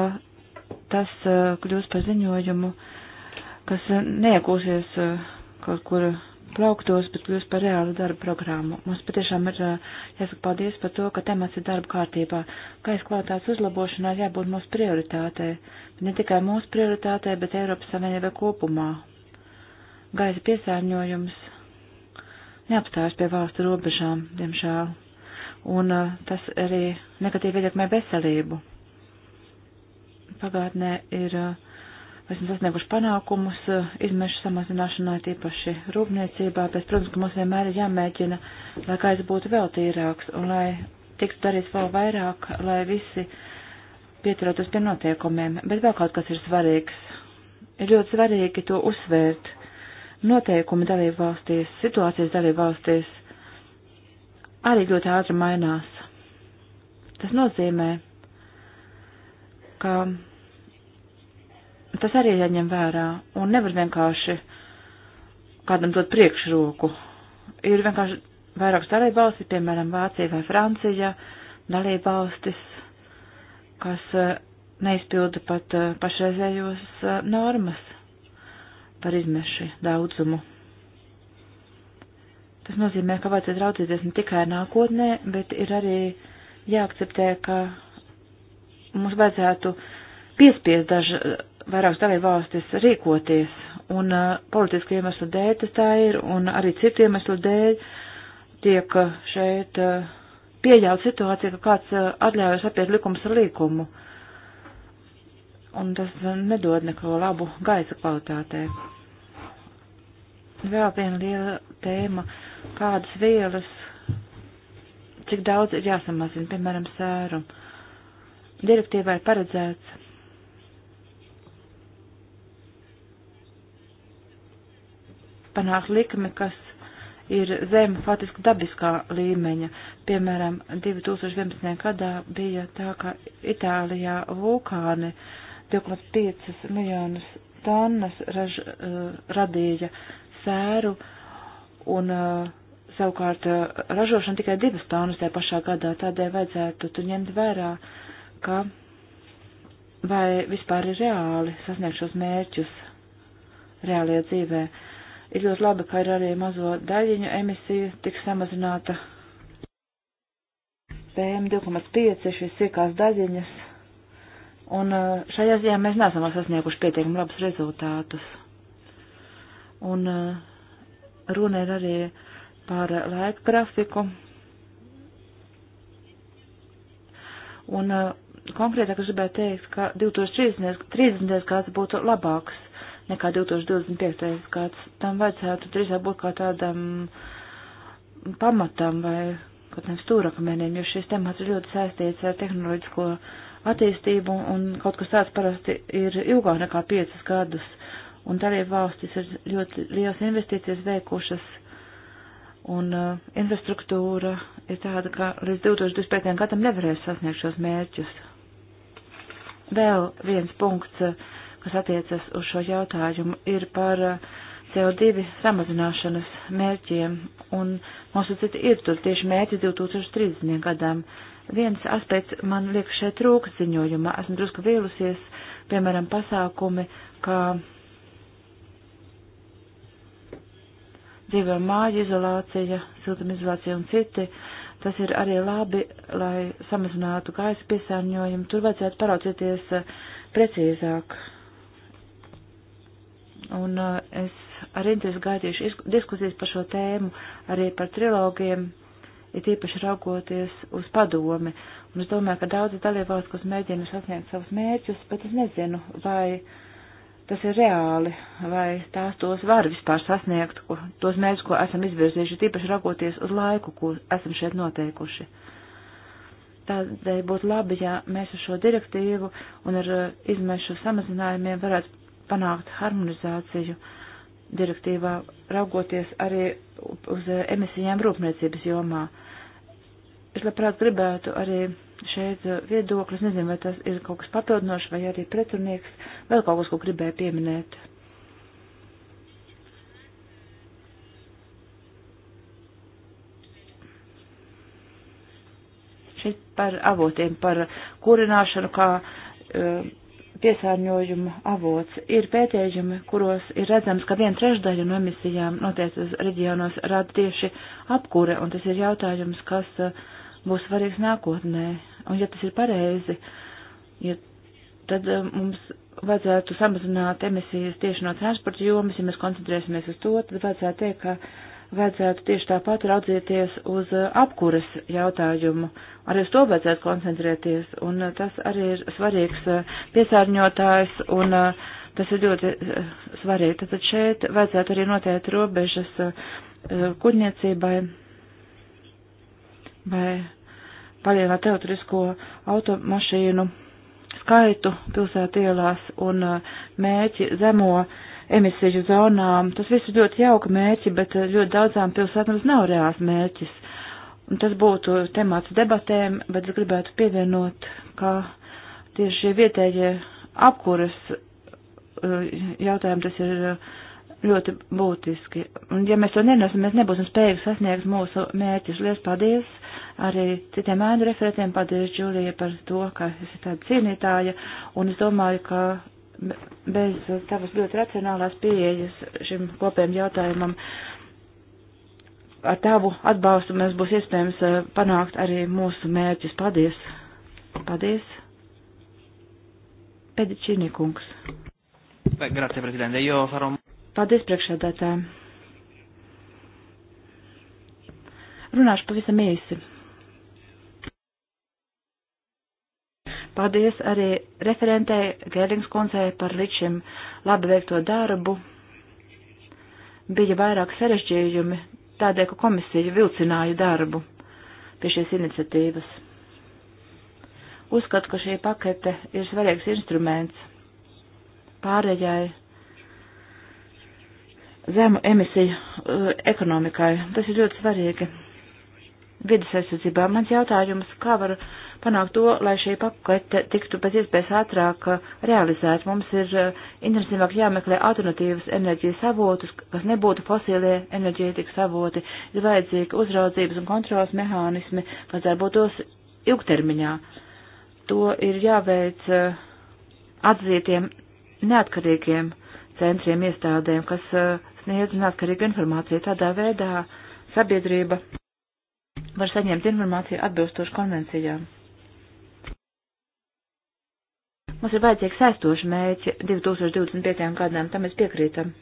tas eh, kļūs par ziņojumu, kas neiekūsies kaut kur plauktos, bet kļūst par reālu darbu programmu. Mums patiešām ir eh, jāsaka paldies par to, ka temats ir darba kārtībā. Gaisa kvalitātes uzlabošanā jābūt mūsu prioritātei, ne tikai mūsu prioritātei, bet Eiropas Savienībai kopumā. Gaisa piesārņojums neapstājas pie valstu robežām, diemžēl, un eh, tas arī negatīvi ietekmē veselību. Pagātnē ir uh, esam sasnieguši panākumus eh, izmešu samazināšanā, tīpaši rūpniecībā, bet, protams, ka mums vienmēr ir jāmēģina, lai gaisa būtu vēl tīrāks un lai tiktu darīts vēl vairāk, lai visi pieturētos pie noteikumiem. Bet vēl kaut kas ir svarīgs. Ir ļoti svarīgi to uzsvērt. Noteikumi dalību valstīs, situācijas dalību valstīs arī ļoti ātri mainās. Tas nozīmē, ka tas arī jāņem vērā, un nevar vienkārši kādam dot priekšroku. Ir vienkārši vairākas dalībvalstis, piemēram, Vācija vai Francija, dalībvalstis, kas eh, neizpilda pat eh, pašreizējos eh, normas par izmešu daudzumu. Tas nozīmē, ka vajadzētu raudzīties ne tikai nākotnē, bet ir arī jāakceptē, ka mums vajadzētu piespiest dažu vairākas dalībvalstis rīkoties, un uh, politisku iemeslu dēļ tas tā ir, un arī citu iemeslu dēļ tiek uh, šeit uh, pieļaut situācija, ka kāds uh, atļaujas apiet likums ar līkumu, un tas uh, nedod neko labu gaisa kvalitātē. Vēl viena liela tēma, kādas vielas, cik daudz ir jāsamazina, piemēram, sērumu. Direktīvā ir paredzēts panākt likmi, kas ir zem faktiski dabiskā līmeņa. Piemēram, 2011. gadā bija tā, ka Itālijā vulkāni 2,5 miljonus tonnas raž, uh, radīja sēru un uh, savukārt uh, ražošana tikai 2 tonnas tajā pašā gadā. Tādēļ vajadzētu tu ņemt vērā, ka vai vispār ir reāli sasniegt šos mērķus reālajā dzīvē. Uh, Ir ļoti labi, ka ir arī mazo daļiņu emisija tik samazināta. PM 2,5 šīs sīkās daļiņas. Un uh, šajā ziņā mēs neesam sasnieguši pietiekami labus rezultātus. Un uh, runa ir arī par laika grafiku. Un uh, konkrētāk es gribētu teikt, ka 2030. gads būtu labāks nekā 2025. gads. Tam vajadzētu drīzāk būt kā tādam pamatam vai kādiem stūrakmeniem, jo šis temats ir ļoti saistīts ar tehnoloģisko attīstību un kaut kas tāds parasti ir ilgāk nekā 5 gadus. Un darīja valstis ir ļoti liels investīcijas veikušas un uh, infrastruktūra ir tāda, ka līdz 2025. gadam nevarēs sasniegt šos mērķus. Vēl viens punkts. Uh, kas attiecas uz šo jautājumu, ir par uh, CO2 samazināšanas mērķiem, un mums ir citi ir tur tieši mērķi 2030. gadam. Viens aspekts man liekas šeit trūks ziņojumā, esmu drusku vīlusies, piemēram, pasākumi, kā dzīvē māja izolācija, siltumizolācija un citi. Tas ir arī labi, lai samazinātu gaisa piesārņojumu. Tur vajadzētu paraucieties uh, precīzāk Un uh, es ar interesi gaidīšu diskusijas par šo tēmu, arī par trilogiem, ir īpaši raugoties uz padomi. Un es domāju, ka daudzi dalībvalsts, kas mēģina sasniegt savus mērķus, bet es nezinu, vai tas ir reāli, vai tās tos var vispār sasniegt, ko, tos mērķus, ko esam izvirzījuši, tīpaši raugoties uz laiku, ko esam šeit noteikuši. Tādēļ būtu labi, ja mēs ar šo direktīvu un ar uh, izmešu samazinājumiem varētu panākt harmonizāciju direktīvā, raugoties arī uz eh, emisijām rūpniecības jomā. Es labprāt gribētu arī šeit eh, viedoklis, nezinu, vai tas ir kaut kas papildinošs vai arī pretrunīgs, vēl kaut kas, ko gribēju pieminēt. Šeit par avotiem, par kurināšanu, kā uh, piesārņojuma avots. Ir pētījumi, kuros ir redzams, ka viena trešdaļa no emisijām noteiktos reģionos rada tieši apkure, un tas ir jautājums, kas eh, būs svarīgs nākotnē. Un ja tas ir pareizi, ja tad eh, mums vajadzētu samazināt emisijas tieši no transporta jomas, ja mēs koncentrēsimies uz to, tad vajadzētu teikt, ka vajadzētu tieši tāpat raudzieties uz apkuras jautājumu. Arī uz to vajadzētu koncentrēties, un eh, tas arī ir svarīgs eh, piesārņotājs, un eh, tas ir ļoti svarīgi. Tātad šeit vajadzētu arī noteikt robežas kuģniecībai vai palielināt teorisko automašīnu skaitu pilsētielās un mēķi zemo uh, emisiju zonām. Tas viss ir ļoti jauka mērķi, bet eh, ļoti daudzām pilsētām tas nav reāls mērķis. Un tas būtu temāts debatēm, bet es gribētu pievienot, ka tieši šie vietējie apkuras eh, jautājumi tas ir eh, ļoti būtiski. Un ja mēs to nenosim, mēs nebūsim spējīgi sasniegt mūsu mērķus. Lielas paldies arī citiem ēnu referentiem. Paldies, Džulija, par to, ka esi tāda cīnītāja. Un es domāju, ka bez tavas ļoti racionālās pieejas šim kopējam jautājumam. Ar tavu atbalstu mēs būs iespējams eh, panākt arī mūsu mērķus. Paldies! Paldies! Pedičīnī kungs. Grazie, prezidente. Jo farò... Paldies, priekšsēdētāji. Runāšu pavisam īsi. Paldies arī referentei Gērlings kundzei par līdz šim labi veikto darbu. Bija vairāk sarežģījumi tādēļ, ka komisija vilcināja darbu pie šīs iniciatīvas. Uzskatu, ka šī pakete ir svarīgs instruments pārējai zemu emisiju uh, ekonomikai. Tas ir ļoti svarīgi vidas aizsardzībā. Mans jautājums, kā var panākt to, lai šī pakete tiktu pēc iespējas ātrāk uh, realizēt? Mums ir uh, intensīvāk jāmeklē alternatīvas enerģijas avotus, kas nebūtu fosilie enerģētikas avoti, ir vajadzīgi uzraudzības un kontrolas mehānismi, kas darbotos ilgtermiņā. To ir jāveic uh, atzītiem neatkarīgiem centriem iestādēm, kas sniedz neatkarīgu informāciju tādā veidā sabiedrība var saņemt informāciju atbilstoši konvencijām. Mums ir vajadzīgs sēstoši mēķi 2025. gadam, tam mēs piekrītam.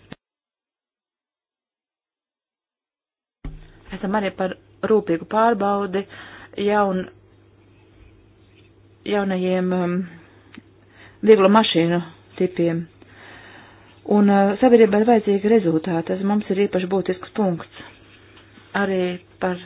Esam arī par rūpīgu pārbaudi jaun, jaunajiem um, vieglo mašīnu tipiem. Un uh, sabiedrībai ir vajadzīgi rezultāti, tas mums ir īpaši būtisks punkts. Arī par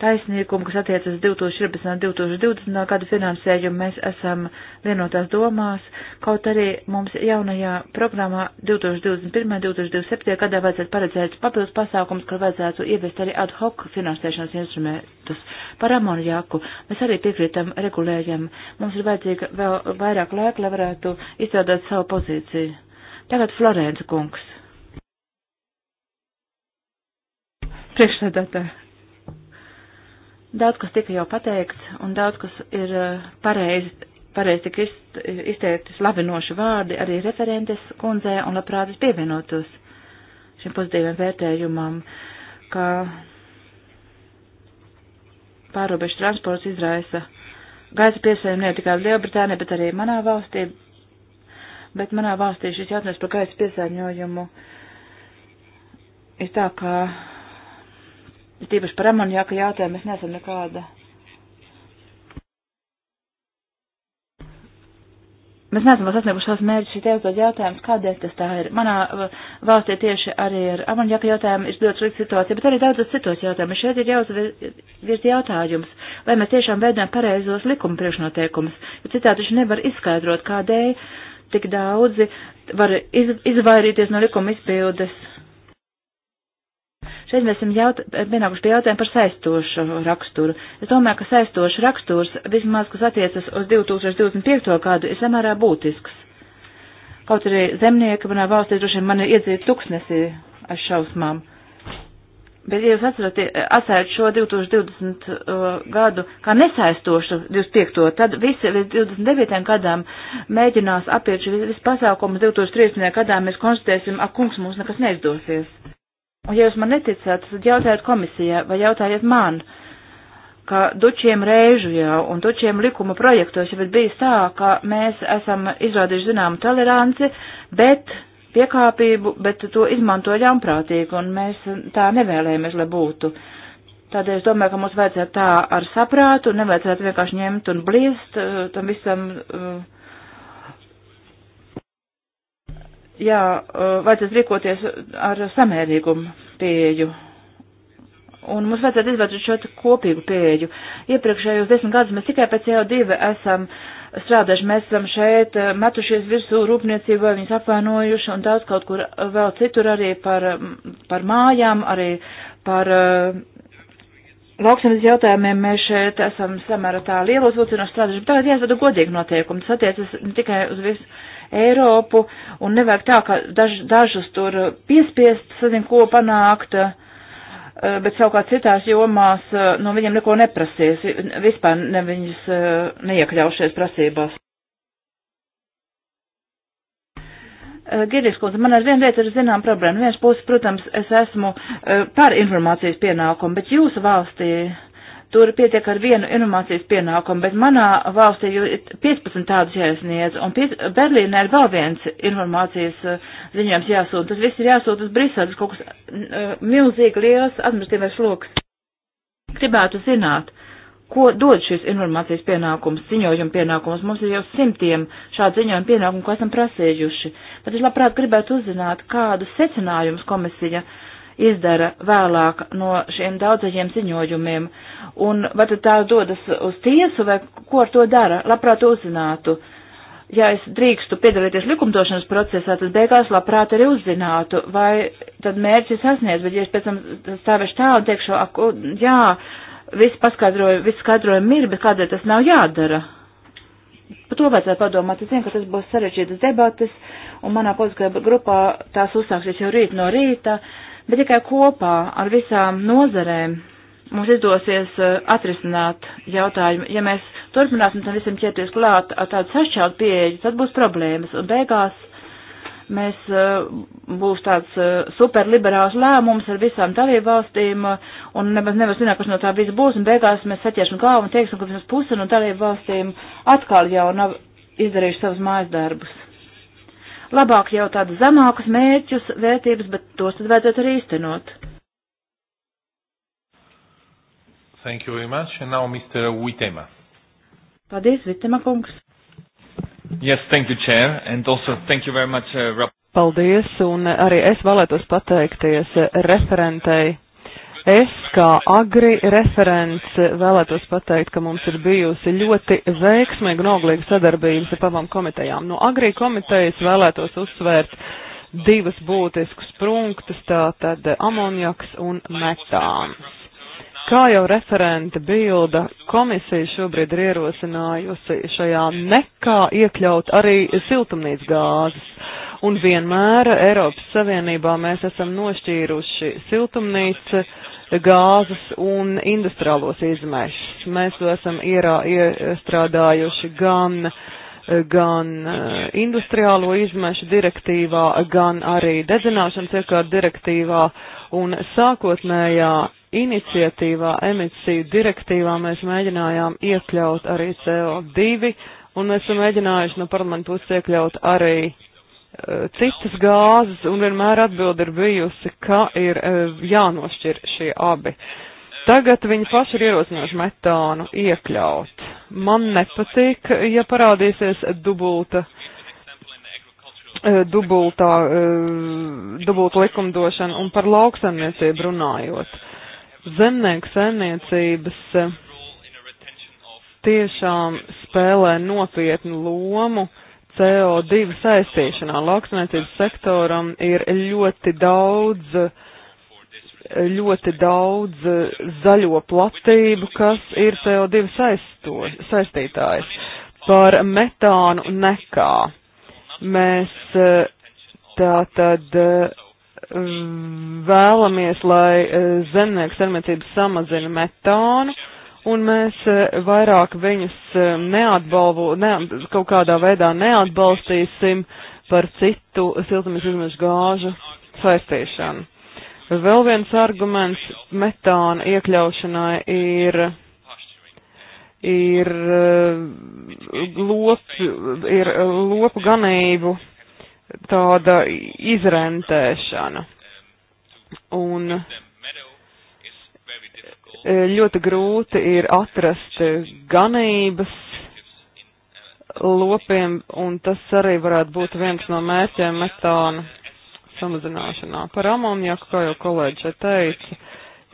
taisnīgumu, kas attiecas 2014. un 2020. gadu finansējumu, mēs esam vienotās domās, kaut arī mums jaunajā programmā 2021. un 2027. gadā vajadzētu paredzēt papildus pasākums, kur vajadzētu ieviest arī ad hoc finansēšanas instrumentus. Par amoniaku mēs arī piekrītam regulējam. Mums ir vajadzīga vēl vairāk laika, lai varētu izstrādāt savu pozīciju. Tagad Florence kungs. Priekšsēdētāji. Daudz kas tika jau pateikts, un daudz kas ir eh, pareizi, pareizi tika izteikti slavinoši vārdi arī referentes kundzē, un labprāt es pievienotos šim pozitīviem vērtējumam, ka pārobežu transports izraisa gaisa piesārņojumu ne tikai Lielbritānijā, bet arī manā valstī. Bet manā valstī šis jautājums par gaisa piesārņojumu ir tā, ka Tīpaši par amonjāku jautājumu mēs nesam nekāda. Mēs neesam sasnieguši savus mērķus, šī tev tos jautājums, kādēļ tas tā ir. Manā uh, valstī tieši arī ar amonjaka jautājumu ir ļoti slikta situācija, bet arī daudzas citos jautājumus. Šeit ir jāuzvirz jautājums, vai mēs tiešām veidojam pareizos likuma priekšnoteikumus, jo citādi viņš nevar izskaidrot, kādēļ tik daudzi var iz, izvairīties no likuma izpildes Šeit mēs esam pienākuši pie jautājuma par saistošu raksturu. Es domāju, ka saistošs raksturs, vismaz kas attiecas uz 2025. gadu, ir samērā būtisks. Kaut arī zemnieki manā valstī droši vien mani iedzīt tuksnesī ar šausmām. Bet, ja jūs atceraties, atceraties šo 2020 uh, gadu kā nesaistošu 25. tad visi līdz 29. gadām mēģinās apiet šis pasākums 2030. gadā mēs konstatēsim, ak, kungs, mums nekas neizdosies. Ja jūs man neticāt, tad jautājiet komisijai vai jautājiet man, ka dučiem reižu jau un dučiem likuma projektos jau ir bijis tā, ka mēs esam izrādījuši zināmu toleranci, bet piekāpību, bet to izmanto ļaunprātīgi, un mēs tā nevēlējamies, lai būtu. Tādēļ es domāju, ka mums vajadzētu tā ar saprātu, nevajadzētu vienkārši ņemt un blīst eh, tam visam. Uh, jā, eh, vajadzētu rīkoties ar samērīgumu pieeju. Un mums vajadzētu izvēlēt šo kopīgu pieeju. Iepriekšējos desmit gadus mēs tikai pēc CO2 esam strādājuši, mēs esam šeit eh, metušies virsū rūpniecībai, viņas apvainojuši un daudz kaut kur vēl citur arī par, par mājām, arī par uh, lauksaimnes jautājumiem mēs šeit esam samērā tā lielos vilcienos strādājuši, bet tagad jāizvada godīgi noteikumi. Tas attiecas ne tikai uz visu Eiropu, un nevajag tā, ka daž, dažus tur piespiest, sazin, ko panākt, eh, bet savukārt citās jomās eh, no viņiem neko neprasies, vispār ne viņus eh, neiekļaušies prasībās. Girdis, kundze, man ar vienu lietu ir zinām problēma. Viens puses, protams, es esmu par informācijas pienākumu, bet jūsu valstī tur pietiek ar vienu inovācijas pienākumu, bet manā valstī jau 15 tādus jāiesniedz, un Berlīnē ir vēl viens informācijas uh, ziņojums jāsūta. Tas viss ir jāsūta uz Briseles, kaut kas uh, milzīgi liels administratīvais sloks. Gribētu zināt, ko dod šis informācijas pienākums, ziņojuma pienākums. Mums ir jau simtiem šādu ziņojumu pienākumu, ko esam prasījuši. Bet es labprāt gribētu uzzināt, kādu secinājumus komisija uh, izdara vēlāk no šiem daudzajiem ziņojumiem, un vai tad tā dodas uz tiesu, vai ko ar to dara, labprāt uzzinātu. Ja es drīkstu piedalīties likumdošanas procesā, tad beigās labprāt arī uzzinātu, vai tad mērķis sasniedz, bet ja es pēc tam stāvēšu tā un teikšu, ak, jā, viss paskaidroju, viss skaidrojumi ir, bet kādēļ tas nav jādara? Par to vajadzētu padomāt. Es zinu, ka tas būs sarežģītas debatas, un manā politiskajā grupā tās uzsāksies jau rīt no rīta. Uh, Bet tikai kopā ar visām nozarēm mums izdosies eh, atrisināt jautājumu. Ja mēs turpināsim tam visam ķerties klāt ar tādu sašķeltu pieeju, tad būs problēmas. Un beigās mēs eh, būs tāds eh, superliberāls lēmums ar visām dalību valstīm un nemaz nevar zināt, kas no tā viss būs. Un beigās mēs saķersim galvu un teiksim, ka vismaz puse no dalību valstīm atkal jau nav izdarījuši savus mājas darbus labāk jau tādus zemākus mērķus, vērtības, bet tos tad vajadzētu arī īstenot. Thank you very much. And now Mr. Witema. Paldies, Vitema kungs. Yes, thank you, Chair, and also thank you very much, uh, Paldies, un arī es vēlētos pateikties referentei Es kā agri referents vēlētos pateikt, ka mums ir bijusi ļoti veiksmīga un auglīga sadarbības ar pavām komitejām. No agri komitejas vēlētos uzsvērt divas būtiskas prunktas, tātad amonjaks un metāns. Kā jau referente bilda, komisija šobrīd ir ierosinājusi šajā nekā iekļaut arī siltumnīcas gāzes. Un vienmēr Eiropas Savienībā mēs esam nošķīruši siltumnīcu gāzes un industriālos izmešus. Mēs to esam ierā, iestrādājuši gan, gan eh, industriālo izmešu direktīvā, gan arī dedzināšanas iekārt direktīvā un sākotnējā iniciatīvā emisiju direktīvā mēs mēģinājām iekļaut arī CO2 un mēs esam mēģinājuši no parlamentu puses iekļaut arī Eh, citas gāzes, un vienmēr atbildi ir bijusi, ka ir eh, jānošķir šie abi. Tagad viņi paši ir ierosinājuši metānu iekļaut. Man nepatīk, ja parādīsies dubulta, eh, dubultā, dubulta likumdošana un par lauksaimniecību runājot. Zemnieku saimniecības tiešām spēlē nopietnu lomu uh, CO2 saistīšanā. Lauksmēcības sektoram ir ļoti daudz, ļoti daudz zaļo platību, kas ir CO2 saisto, saistītājs par metānu nekā. Mēs tā tad vēlamies, lai eh, zemnieku saimniecības samazina metānu un mēs eh, vairāk viņus eh, neatbalvo, ne, kaut kādā veidā neatbalstīsim par citu siltumies izmešu gāžu saistīšanu. Vēl viens arguments metāna iekļaušanai ir, ir, eh, lop, ir lopu ganību tāda izrentēšana. Un, uh, E, ļoti grūti ir atrast ganības lopiem, un tas arī varētu būt viens no mērķiem metāna samazināšanā. Par amoniaku, kā jau kolēģi šeit teica,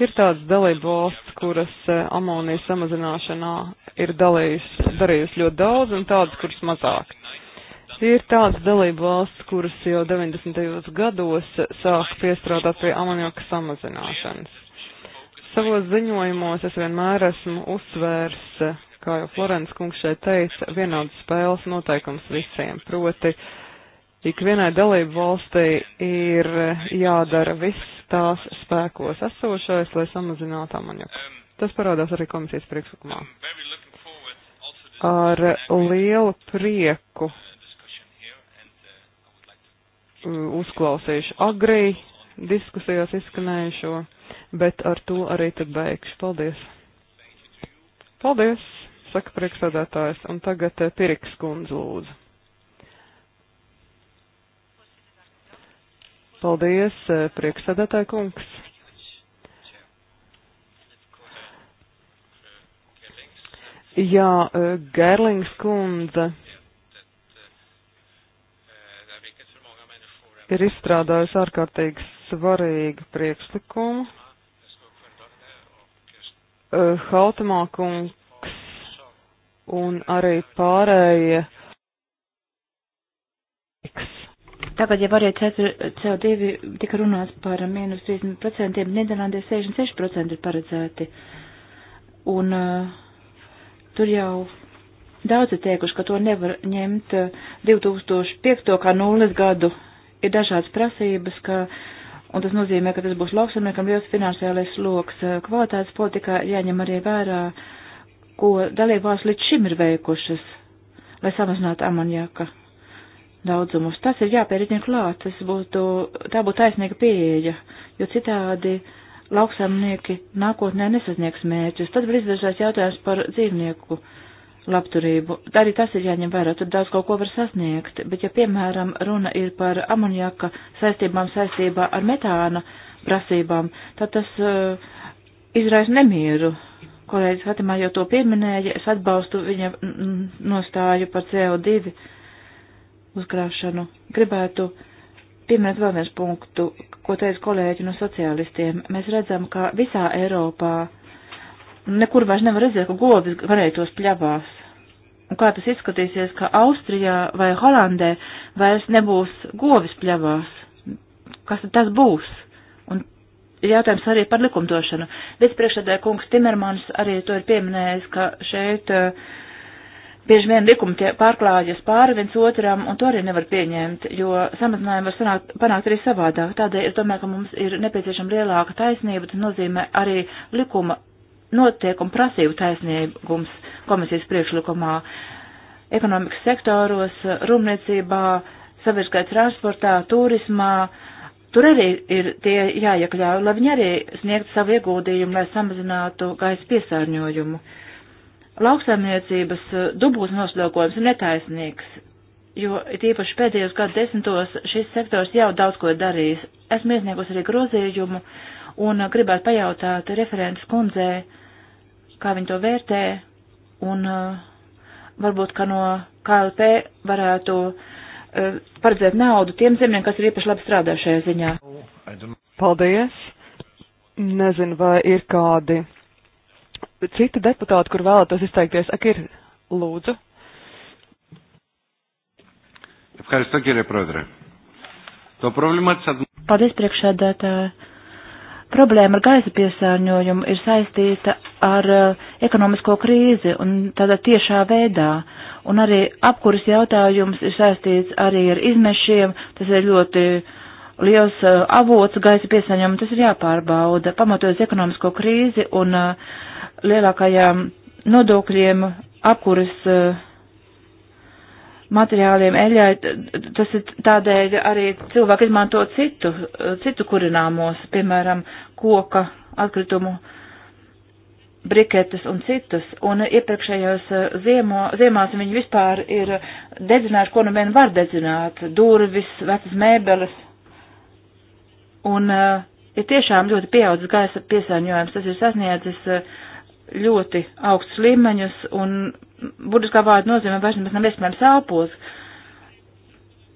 ir tādas dalību valsts, kuras e, amonijas samazināšanā ir dalījus, darījusi ļoti daudz, un tādas, kuras mazāk. Ir tādas dalību valsts, kuras jau 90. gados sāka piestrādāt pie amoniaka samazināšanas. Savos ziņojumos es vienmēr esmu uzsvērs, kā jau Florence kungs šeit teica, vienādas spēles noteikums visiem. Proti, ik vienai dalību valstī ir jādara viss tās spēkos esošais, lai samazinātu amonjaku. Tas parādās arī komisijas priekšlikumā. Ar lielu prieku uzklausīšu agrī diskusijās izskanējušo bet ar to arī tad beigšu. Paldies! Paldies, saka priekšsēdētājs, un tagad eh, Piriks kundze lūdzu. Paldies, eh, priekšsēdētāja kungs. Jā, eh, Gerlings kundze ir izstrādājusi ārkārtīgi svarīgu priekšlikumu. Eh, Hautamā kungs un arī pārējie. Tagad, ja varēja 4 CO2, tika runāts par mīnus 30%, Nīderlandē 66% ir paredzēti. Un uh, tur jau daudzi teikuši, ka to nevar ņemt 2005. Eh, kā nulles gadu. Ir dažādas prasības, ka uh, un tas nozīmē, ka tas būs lauksamniekam liels finansiālais sloks. Kvalitātes politikā jāņem arī vērā, ko dalībās līdz šim ir veikušas, lai samazinātu amonjaka daudzumus. Tas ir jāpērģina klāt, tas būtu, tā būtu taisnīga pieeja, jo citādi lauksamnieki nākotnē nesasniegs mērķus. Tad var izdaržās jautājums par dzīvnieku labturību. Arī tas ir jāņem vērā, tur daudz kaut ko var sasniegt, bet ja, piemēram, runa ir par amoniaka saistībām saistībā ar metāna prasībām, tad tas uh, izraisa nemieru. Kolēģis Fatimā jau to pieminēja, es atbalstu viņa nostāju par CO2 uzkrāšanu. Gribētu pieminēt vēl viens punktu, ko teica kolēģi no sociālistiem. Mēs redzam, ka visā Eiropā nekur vairs nevar redzēt, ka govis varētos pļavās. Un kā tas izskatīsies, ka Austrijā vai Holandē vairs nebūs govis pļavās? Kas tad tas būs? Un ir jautājums arī par likumdošanu. Vicepriekšēdē kungs Timermans arī to ir pieminējis, ka šeit uh, bieži vien likumi pārklājas pāri viens otram, un to arī nevar pieņemt, jo samazinājumu var sanākt, panākt arī savādāk. Tādēļ es domāju, ka mums ir nepieciešama lielāka taisnība, tas nozīmē arī likuma notiekumu prasību taisnīgums komisijas priekšlikumā ekonomikas sektoros, rūpniecībā, sabiedriskajā transportā, turismā. Tur arī ir tie jāiekļauj, lai viņi arī sniegtu savu ieguldījumu, lai samazinātu gaisa piesārņojumu. Lauksaimniecības dubūs noslēgojums ir netaisnīgs, jo tīpaši pēdējos gadu desmitos šis sektors jau daudz ko ir darījis. Esmu iesniegus arī grozījumu un gribētu pajautāt referents kundzei, kā viņi to vērtē, un uh, varbūt, ka no KLP varētu uh, paredzēt naudu tiem zemiem, kas ir īpaši labi strādājuši šajā ziņā. Paldies! Nezinu, vai ir kādi citi deputāti, kur vēlētos izteikties. Ak, ir lūdzu. Paldies, priekšsēdētāji problēma ar gaisa piesārņojumu ir saistīta ar uh, ekonomisko krīzi un tādā tiešā veidā. Un arī apkuras jautājums ir saistīts arī ar izmešiem, tas ir ļoti liels uh, avots gaisa piesārņojumu, tas ir jāpārbauda, pamatojas ekonomisko krīzi un uh, lielākajām nodokļiem apkuras. Uh, materiāliem eļai, tas ir tādēļ arī cilvēki izmanto citu, citu kurināmos, piemēram, koka atkritumu briketes un citus, un iepriekšējos eh, ziemo, ziemās viņi vispār ir dedzinājuši, ko nu vien var dedzināt, durvis, vecas mēbeles, un uh, ir tiešām ļoti pieaudzis gaisa piesārņojums, tas ir sasniedzis uh, ļoti augsts līmeņus, un burtiskā vārda nozīmē vairs nemaz nav iespējams elpos.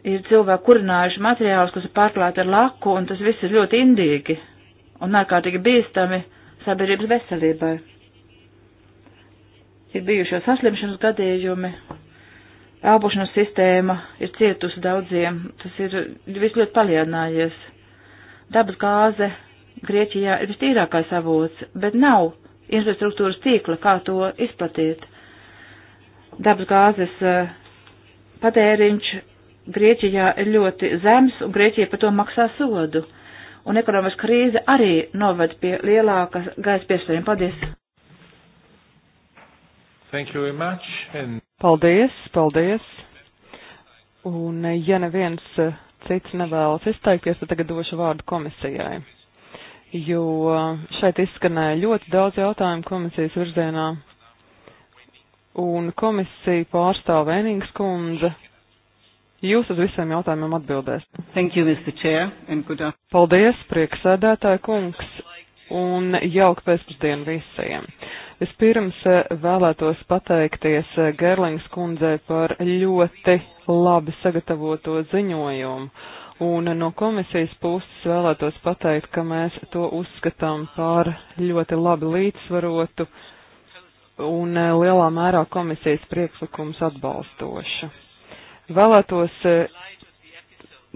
Ir cilvēki kurinājuši materiālus, kas ir pārklāti ar laku, un tas viss ir ļoti indīgi un ārkārtīgi bīstami sabiedrības veselībai. Ir bijušie saslimšanas gadījumi, elpošanas sistēma ir cietusi daudziem, tas ir viss ļoti palielinājies. Dabas gāze Grieķijā ir vistīrākais avots, bet nav infrastruktūras tīkla, kā to izplatīt dabas gāzes eh, patēriņš Grieķijā ir ļoti zems, un Grieķija par to maksā sodu. Un ekonomiskā krīze arī noved pie lielākas gaisa piesārņojuma. Paldies! Thank you very much. And... Paldies, paldies. Un eh, ja neviens eh, cits nevēlas izteikties, tad tagad došu vārdu komisijai. Jo šeit izskanēja ļoti daudz jautājumu komisijas virzienā un komisiju pārstāv Vēnings kundze. Jūs uz visiem jautājumiem atbildēsiet. Thank you, Mr. Chair, and good afternoon. Paldies, prieksēdētāja kungs, un jauka pēcpusdiena visiem. Vispirms eh, vēlētos pateikties eh, Gerlings kundzei par ļoti labi sagatavoto ziņojumu. Un no komisijas puses vēlētos pateikt, ka mēs to uzskatām par ļoti labi līdzsvarotu un e, lielā mērā komisijas priekšlikums atbalstoša. Vēlētos e,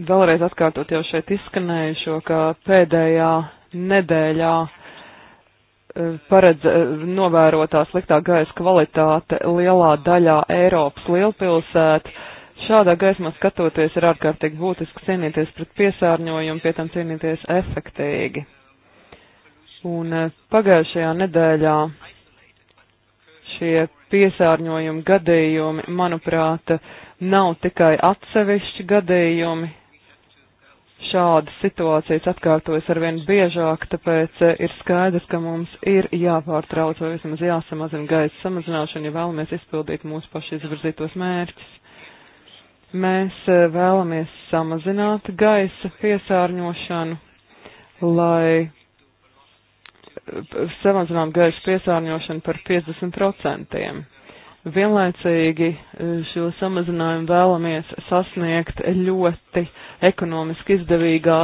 vēlreiz atkārtot jau šeit izskanējušo, ka pēdējā nedēļā e, paredz novērotā sliktā gaisa kvalitāte lielā daļā Eiropas lielpilsētu. Šādā gaismā skatoties ir ārkārtīgi būtiski cīnīties pret piesārņojumu, pie tam cīnīties efektīgi. Un pagājušajā nedēļā šie piesārņojumi gadījumi, manuprāt, nav tikai atsevišķi gadījumi. Šādas situācijas atkārtojas arvien biežāk, tāpēc eh, ir skaidrs, ka mums ir jāpārtrauc vai vismaz jāsamazina gaisa samazināšana, ja vēlamies izpildīt mūsu paši izvirzītos mērķus. Mēs eh, vēlamies samazināt gaisa piesārņošanu, lai samazinām gaisa piesārņošanu par 50%. Vienlaicīgi e, šo samazinājumu vēlamies sasniegt ļoti ekonomiski izdevīgā,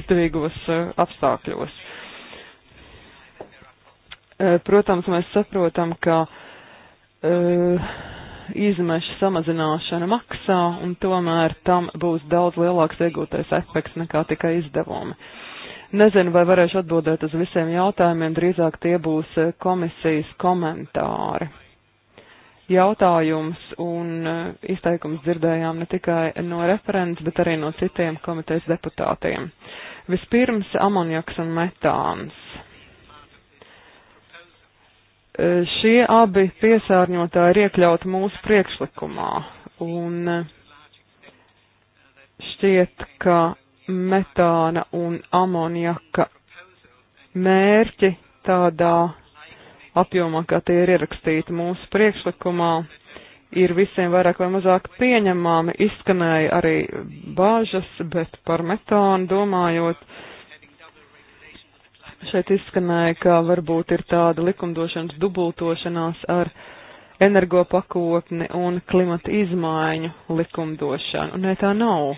izdevīgos e, apstākļos. E, protams, mēs saprotam, ka uh, izmešu samazināšana maksā, un tomēr tam būs daudz lielāks iegūtais efekts nekā tikai izdevumi. Uh, Nezinu, vai varēšu atbildēt uz visiem jautājumiem, drīzāk tie būs eh, komisijas komentāri. Jautājums un eh, izteikums dzirdējām ne tikai no referents, bet arī no citiem komitejas deputātiem. Vispirms amonjaks un metāns. Eh, šie abi piesārņotāji ir iekļauti mūsu priekšlikumā, un šķiet, ka metāna un amoniaka mērķi tādā apjomā, kā tie ir ierakstīti mūsu priekšlikumā, ir visiem vairāk vai mazāk pieņemami. Izskanēja arī bāžas, bet par metānu domājot, šeit izskanēja, ka varbūt ir tāda likumdošanas dubultošanās ar energopakotni un klimata izmaiņu likumdošanu. Nē, tā nav.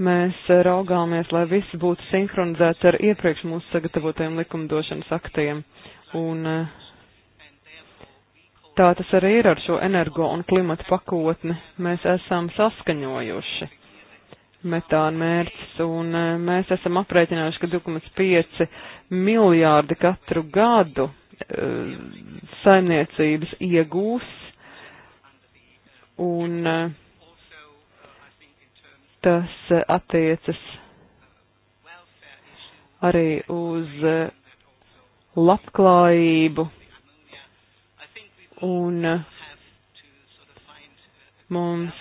Mēs eh, raugāmies, lai viss būtu sinhronizēts ar iepriekš mūsu sagatavotajiem likumdošanas aktiem. Un eh, tā tas arī ir ar šo energo un klimata pakotni. Mēs esam saskaņojuši metāna mērķis un eh, mēs esam aprēķinājuši, ka 2,5 miljārdi katru gadu saimniecības iegūs. Un uh, tas attiecas arī uz labklājību un mums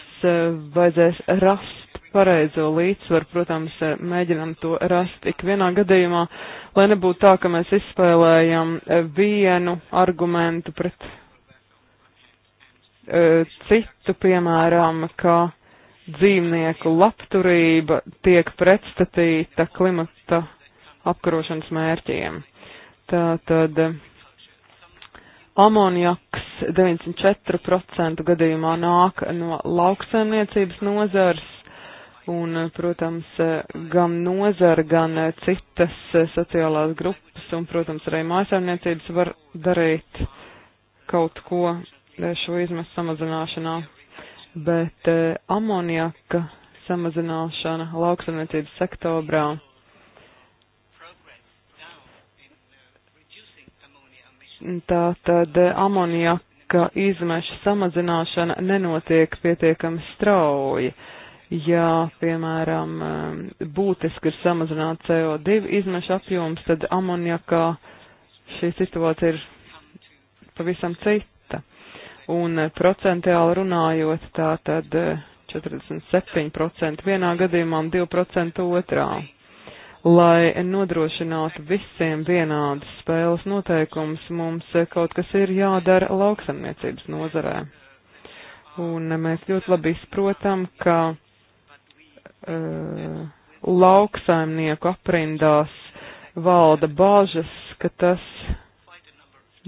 vajadzēs rast pareizo līdzsvaru, protams, mēģinam to rast ikvienā gadījumā, lai nebūtu tā, ka mēs izspēlējam vienu argumentu pret eh, citu, piemēram, ka dzīvnieku labturība tiek pretstatīta klimata apkarošanas mērķiem. Tātad eh, amonjaks 94% gadījumā nāk no lauksaimniecības nozars, un, eh, protams, eh, gan nozara, gan citas sociālās grupas, un, protams, arī mājasaimniecības var darīt kaut ko šo izmesu samazināšanā bet eh, amoniaka samazināšana lauksaimniecības sektorā Tātad eh, amoniaka izmeša samazināšana nenotiek pietiekami strauji. Ja, piemēram, eh, būtiski ir samazināt CO2 izmeša apjoms, tad amoniakā šī situācija ir pavisam cita un eh, procentuāli runājot, tā tad 47% eh, vienā gadījumā un 2% otrā. Lai nodrošinātu visiem vienādas spēles noteikums, mums eh, kaut kas ir jādara lauksamniecības nozarē. Un mēs ļoti labi izprotam, ka uh, lauksaimnieku aprindās valda bāžas, ka tas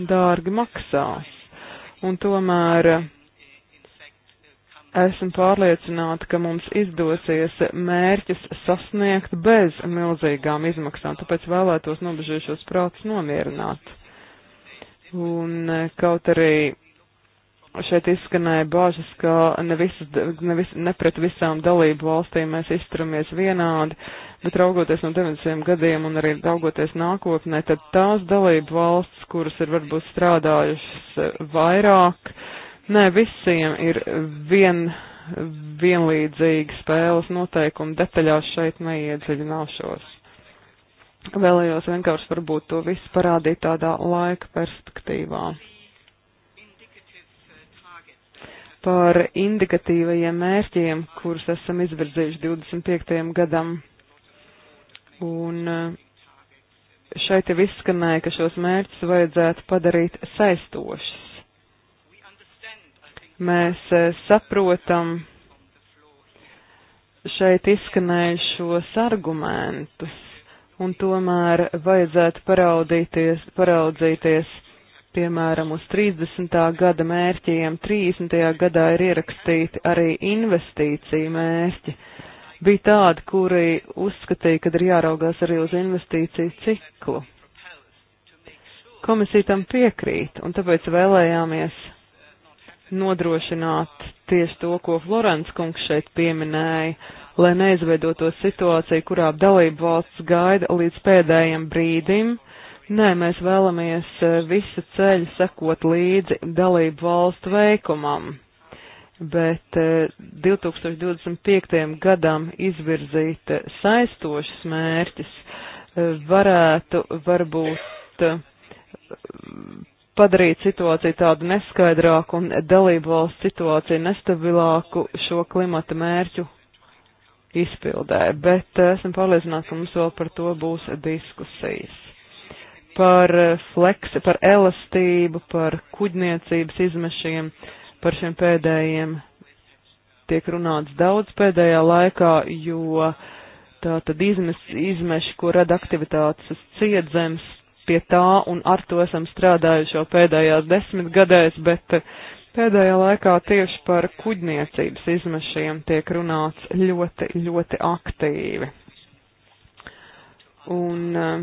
dārgi maksās un tomēr esmu pārliecināta, ka mums izdosies mērķis sasniegt bez milzīgām izmaksām, tāpēc vēlētos nobežījušos prātus nomierināt. Un eh, kaut arī šeit izskanēja bāžas, ka ne, visas, ne, vis, ne pret visām dalību valstīm mēs izturamies vienādi, bet raugoties no 90 gadiem un arī raugoties nākotnē, tad tās dalību valsts, kuras ir varbūt strādājušas eh, vairāk, ne visiem ir vien, vienlīdzīgi spēles noteikumi, detaļās šeit neiedziļināšos. Vēlējos vienkārši varbūt to visu parādīt tādā laika perspektīvā. par indikatīvajiem mērķiem, kurus esam izvirzījuši 25. gadam. Un eh, šeit jau izskanēja, ka šos mērķus vajadzētu padarīt saistošus. Mēs eh, saprotam šeit izskanējušos argumentus, un tomēr vajadzētu paraudzīties, paraudzīties piemēram, uz 30. gada mērķiem, 30. gadā ir ierakstīti arī investīcija mērķi. Bija tādi, kuri uzskatīja, ka ir jāraugās arī uz investīciju ciklu. Komisija tam piekrīt, un tāpēc vēlējāmies nodrošināt tieši to, ko Florence kungs šeit pieminēja, lai neizveidotos situācija, kurā dalību valsts gaida līdz pēdējiem brīdim, uh, Nē, mēs vēlamies eh, visu ceļu sekot līdzi dalību valstu veikumam, bet 2025. Eh, gadam izvirzīt eh, saistošas mērķis varētu varbūt padarīt situāciju tādu neskaidrāku un dalību valsts situāciju nestabilāku šo klimata mērķu izpildē, bet esmu pārliecināts, ka mums vēl par to būs diskusijas par eh, fleksi, par elastību, par kuģniecības izmešiem, par šiem pēdējiem tiek runāts daudz pēdējā laikā, jo tā tad izmes, izmeši, ko rada aktivitātes ciedzems, pie tā un ar to esam strādājuši jau pēdējās desmit gadēs, bet eh, pēdējā laikā tieši par kuģniecības izmešiem tiek runāts ļoti, ļoti aktīvi. Un eh,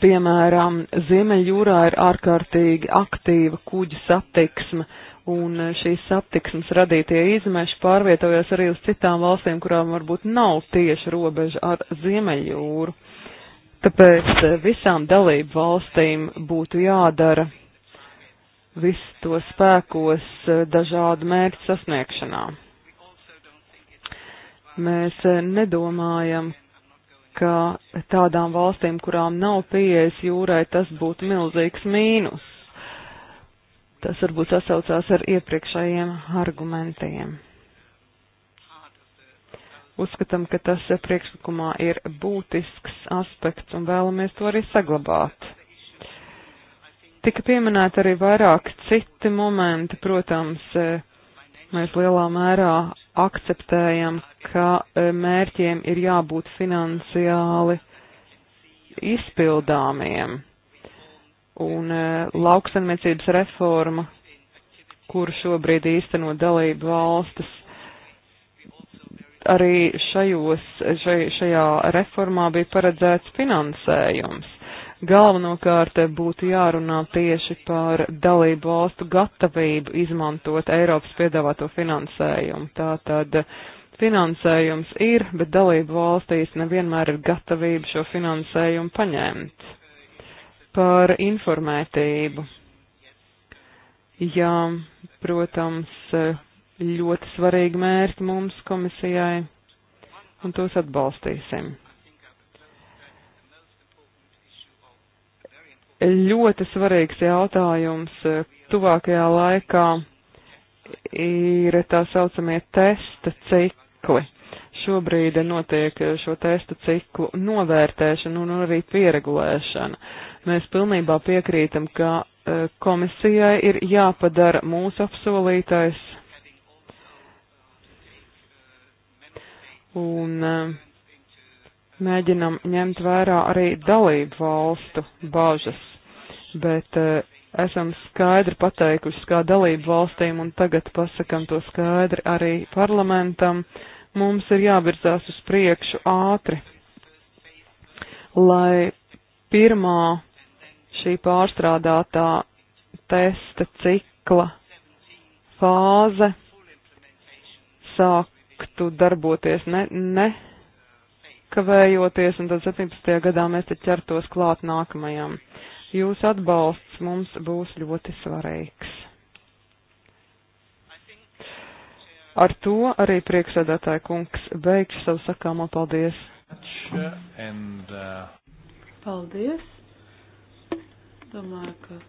piemēram, Ziemeļjūrā ir ārkārtīgi aktīva kuģa satiksme, un e, šīs satiksmes radītie izmeši pārvietojas arī uz citām valstīm, kurām varbūt nav tieši robeža ar Ziemeļjūru. Tāpēc e, visām dalību valstīm būtu jādara viss to spēkos e, dažādu mērķu sasniegšanā. Mēs nedomājam, ka tādām valstīm, kurām nav pieejas jūrai, tas būtu milzīgs mīnus. Tas varbūt sasaucās ar iepriekšējiem argumentiem. Uzskatām, ka tas priekšlikumā ir būtisks aspekts un vēlamies to arī saglabāt. Tika pieminēta arī vairāk citi momenti, protams, mēs lielā mērā akceptējam, ka e, mērķiem ir jābūt finansiāli izpildāmiem. Un e, lauksaimniecības reforma, kuru šobrīd īsteno dalību valstis, arī šajos, šai, šajā reformā bija paredzēts finansējums galvenokārt būtu jārunā tieši par dalību valstu gatavību izmantot Eiropas piedāvāto finansējumu. Tātad finansējums ir, bet dalību valstīs nevienmēr ir gatavība šo finansējumu paņemt. Par informētību. Jā, protams, ļoti svarīgi mērķi mums komisijai, un tos atbalstīsim. ļoti svarīgs jautājums eh, tuvākajā laikā ir tā saucamie testa cikli. Šobrīd notiek eh, šo testa ciklu novērtēšana un arī pieregulēšana. Mēs pilnībā piekrītam, ka eh, komisijai ir jāpadara mūsu apsolītais. Un mēģinam ņemt vērā arī dalību valstu bažas bet eh, esam skaidri pateikuši kā dalību valstīm un tagad pasakam to skaidri arī parlamentam. Mums ir jāvirzās uz priekšu ātri, lai pirmā šī pārstrādātā testa cikla fāze sāktu darboties ne, ne kavējoties, un tad 17. gadā mēs te ķertos klāt nākamajam. Uh, Jūsu atbalsts mums būs ļoti svarīgs. Ar to arī priekšsēdētāja kungs beigšu savu sakāmo paldies. And, uh... Paldies. Domāju, ka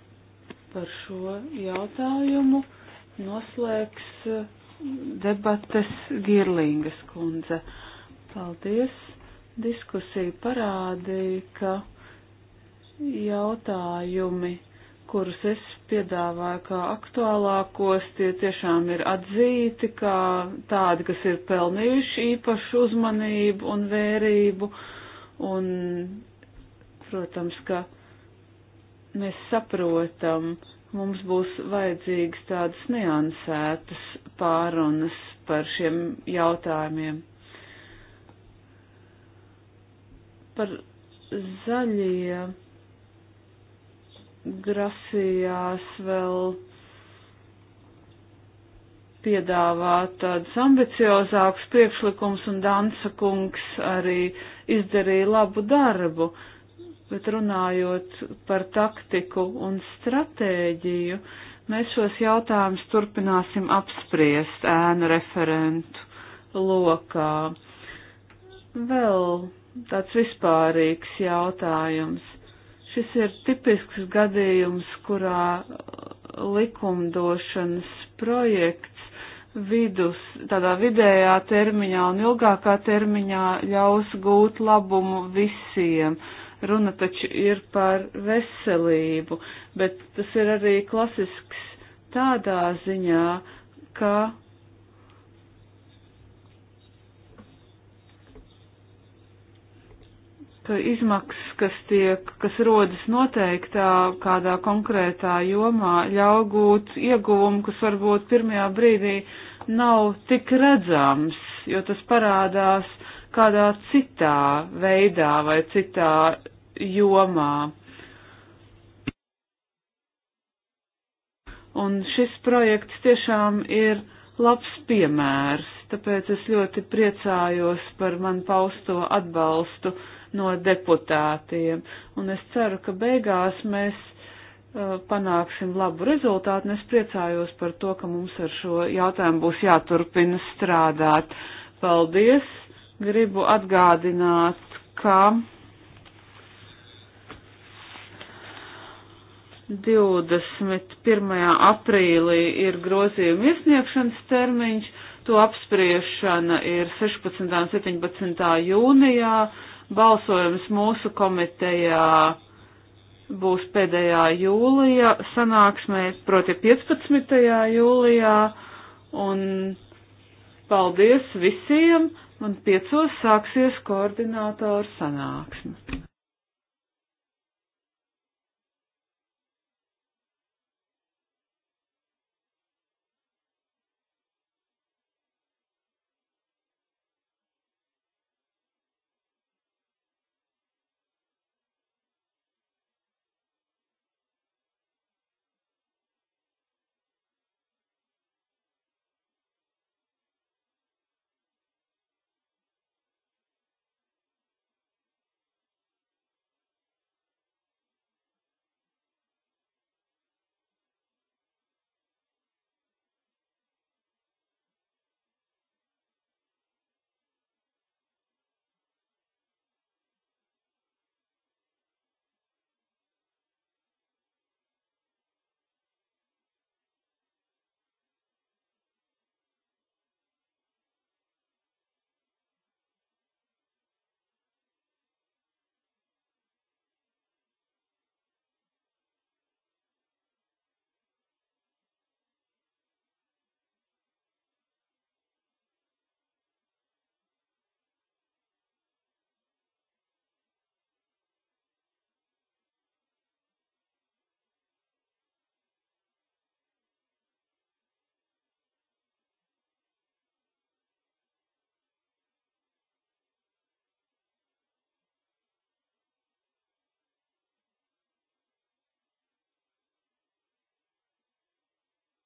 par šo jautājumu noslēgs uh, debates Girlingas kundze. Paldies! Diskusija parādīja, ka jautājumi, kurus es piedāvāju kā aktuālākos, tie tiešām ir atzīti kā tādi, kas ir pelnījuši īpašu uzmanību un vērību. Un, protams, ka mēs saprotam, mums būs vajadzīgas tādas neansētas pārunas par šiem jautājumiem. Par zaļie grasījās vēl piedāvāt tādus ambiciozākus priekšlikumus, un Dansa kungs arī izdarīja labu darbu. Bet runājot par taktiku un stratēģiju, mēs šos jautājumus turpināsim apspriest ēnu referentu lokā. Vēl tāds vispārīgs jautājums Šis ir tipisks gadījums, kurā uh, likumdošanas projekts vidus, tādā vidējā termiņā un ilgākā termiņā ļaus gūt labumu visiem. Runa taču ir par veselību, bet tas ir arī klasisks tādā ziņā, ka ka izmaksas, kas tiek, kas rodas noteiktā kādā konkrētā jomā, ļauj gūt ieguvumu, kas varbūt pirmajā brīdī nav tik redzams, jo tas parādās kādā citā veidā vai citā jomā. Un šis projekts tiešām ir labs piemērs, tāpēc es ļoti priecājos par man pausto atbalstu no deputātiem. Un es ceru, ka beigās mēs uh, panāksim labu rezultātu, un es priecājos par to, ka mums ar šo jautājumu būs jāturpina strādāt. Paldies! Gribu atgādināt, ka 21. aprīlī ir grozījuma iesniegšanas termiņš, to apspriešana ir 16. un 17. jūnijā Balsojums mūsu komitejā būs pēdējā jūlijā sanāksmē, proti 15. jūlijā, un paldies visiem, un piecos sāksies koordinātoru sanāksme.